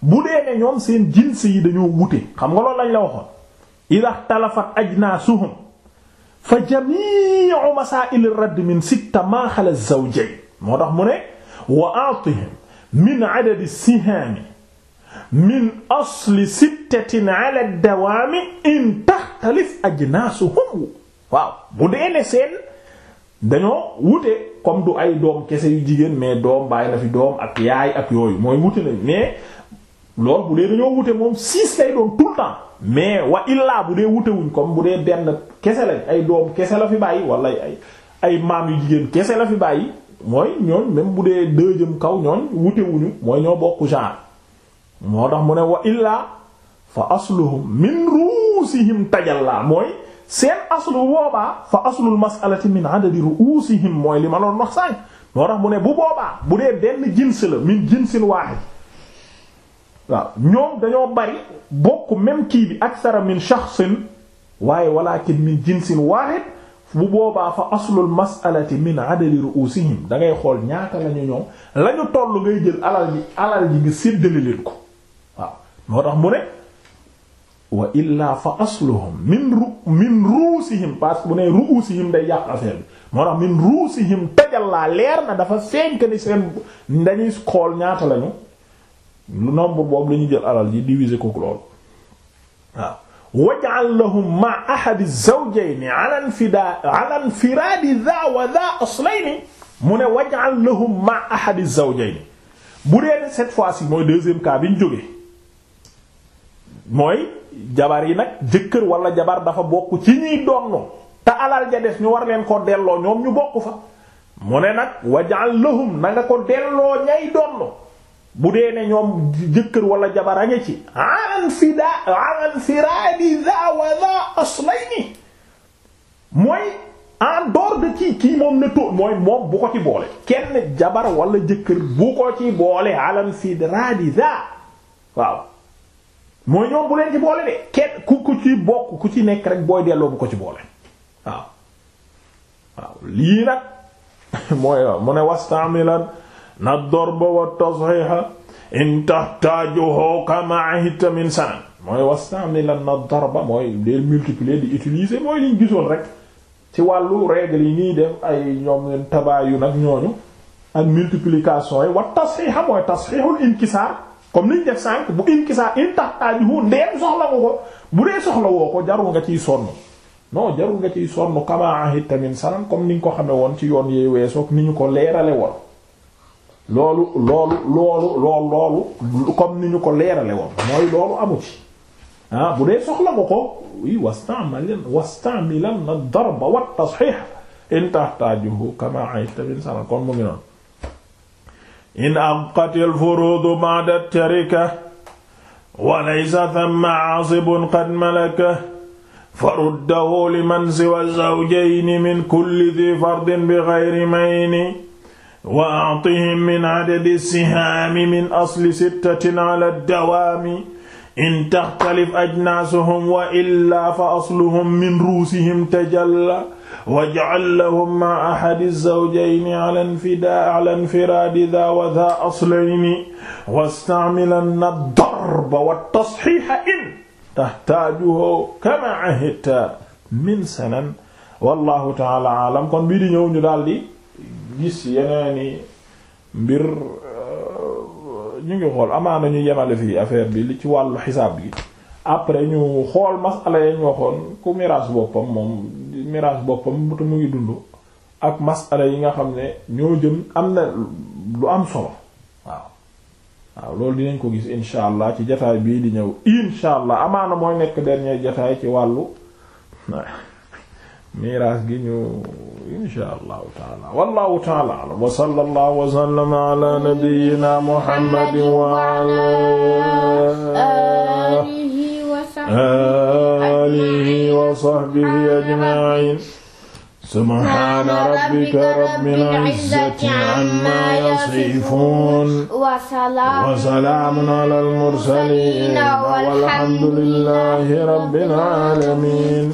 bu dee ne ñoom seen jins yi dañoo wute xam nga loolu lañ la waxoon ida xtalafat ajnaasuhum fa jamiu masaa'il ar-radd min sitta ma xala moo tax mu ne wa a'tihim min adad as min asli sittatin ala dawaami in taxtalif ajnaasuhum waaw bu dee ne seen dañoo wute comme du ay doom kese yu jigéen mais doom bàyyi na fi doom ak yaay ak yooyu mooy wute nañ mais loolu bu dee dañoo wute moom six lay doon tout temps mais wa illaa bu dee wutewuñ comme bu dee benn kese lañ ay doom kese la fi bàyyi walla ay ay maam yu jigéen kese la fi bàyyi mooy ñooñ même bu dee deux kaw ñooñ wutewuñu mooy ñoo bokk genre moo tax mu ne wa illaa fa asluhum min ruusihim tajallaa mooy seen aslu boobaa fa aslul mas'alati min adadi ruusihim mooy li ma loon wax sànq moo tax mu ne bu boobaa bu dee benn jins la min jinsin waaxid ñoom dañoo bari bokk même kii bi aksara min shaxsin waaye walakin min jinsin waaxid bu boobaa fa aslul mas'alati min adadi ruusihim da ngay xool ñaata lañu ñoom lañu tollu ngay jël alal ji alal ji nga séddale leen ko waaw moo tax mu ne wa illaa fa asluhum min ru min ruusihim parce que bu ne ruusihim day yàq affaire bi moo tax min ruusihim tajallaa leer na dafa fenk ni seen dañuy xool ñaata lañu lu nombre boobu lañu jël alal ji diviser ko loolu waaw waj'al lahum ma ahadi zawjayni ala mu ne waj'al lahum ma ahadi zawjayni bu dee cette fois-ci mooy deuxième cas bi ñu jógee mooy jabar yi nag jëkkër wala jabar dafa bokk ci ñuy donnu te alal ja des ñu war leen ko delloo ñoom ñu bokk fa mu ne nag waj'al lahum na nga ko delloo ñay donnu bu dee ne ñoom jëkkër wala jabar a ngi ci alan fida alan firadi mooy en dehors de kii kii moom ne tóor mooy moom bu ko ci boole kenn jabar wala jëkkër bu ko ci boole alan si za waaw mooy ñoom bu leen ci boole de kenn ku ku ci bokk ku ci nekk rek booy delloo bu ko ci boole waaw waaw lii nag [LAUGHS] mooy mu ne wastamilan na dorba wa tasxiixa in tahtajuhu kama ahita min sanan mooy wastamilan na dorba mooy deel multiplier di utiliser mooy liñ gisoon rek ci wàllu règle yi ñuy def ay ñoom leen tabaayu nag ñooñu ak multiplication yi wa tasxiixa mooy tasxiixul inkisaar comme niñ def sànq bu in kisaa in tax taajuhu ndeem soxla nga ko bu dee soxla woo ko jarul nga ciy sonn non jarul nga ciy sonn kama ahidta min salam comme ni ñu ko xame woon ci yoon yee weesoog ni ñu ko leerale woon loolu loolu loolu loolu comme ni ko leerale woon mooy loolu amu ci ah bu dee soxla ko i wastamilan wastamilan na darba wa tashih in tax taajuhu kama ahidta min salam kon mu ngi noonu in abqatil furuudu ba'da tarika wa laysa thamma aasibun qad malaka faruddahu liman siwa zawjayni min kulli dhi fardin bighayri mayni wa a'tihim min adadi sihaami min asli sittatin ala dawaami in taxtalif ajnaasuhum wa illaa fa asluhum min ruusihim tajalla waj'al lahum ma ahadi zawjayni ala nfidaa ala nfiraadi dha wa dha aslayni darba wat-tashiiha in tahtajuhu kama ahidta min sanan wallahu ta'ala a'lam kon bii di ñëw ñu daldi gis yeneeni mbir euh, ñu xool amaana ñu yemale fii affaire bi li ci wàllu xisaab bi après ñu xool masala yañ waxoon ku miraas boppam moom miraas boppam te mu ngi dund ak masala yi nga xam ne ñoo jëm am na lu am solo waaw waaw loolu dinañ ko gis incha allah ci jataay bii di ñëw incha allah amaana mooy nekk dernier jataay ci wàllu [LAUGHS] miraas gi ñu incha allahu taala wallahu taala wa sallallahu wa sallama ala nabiyyina muhammadin wa ala alihi wa alihi wa sahbihi ajma'in subhana rabbika rabbil izzati amma yasifun wa salaamun alal mursalin walhamdulillahi rabbil alamin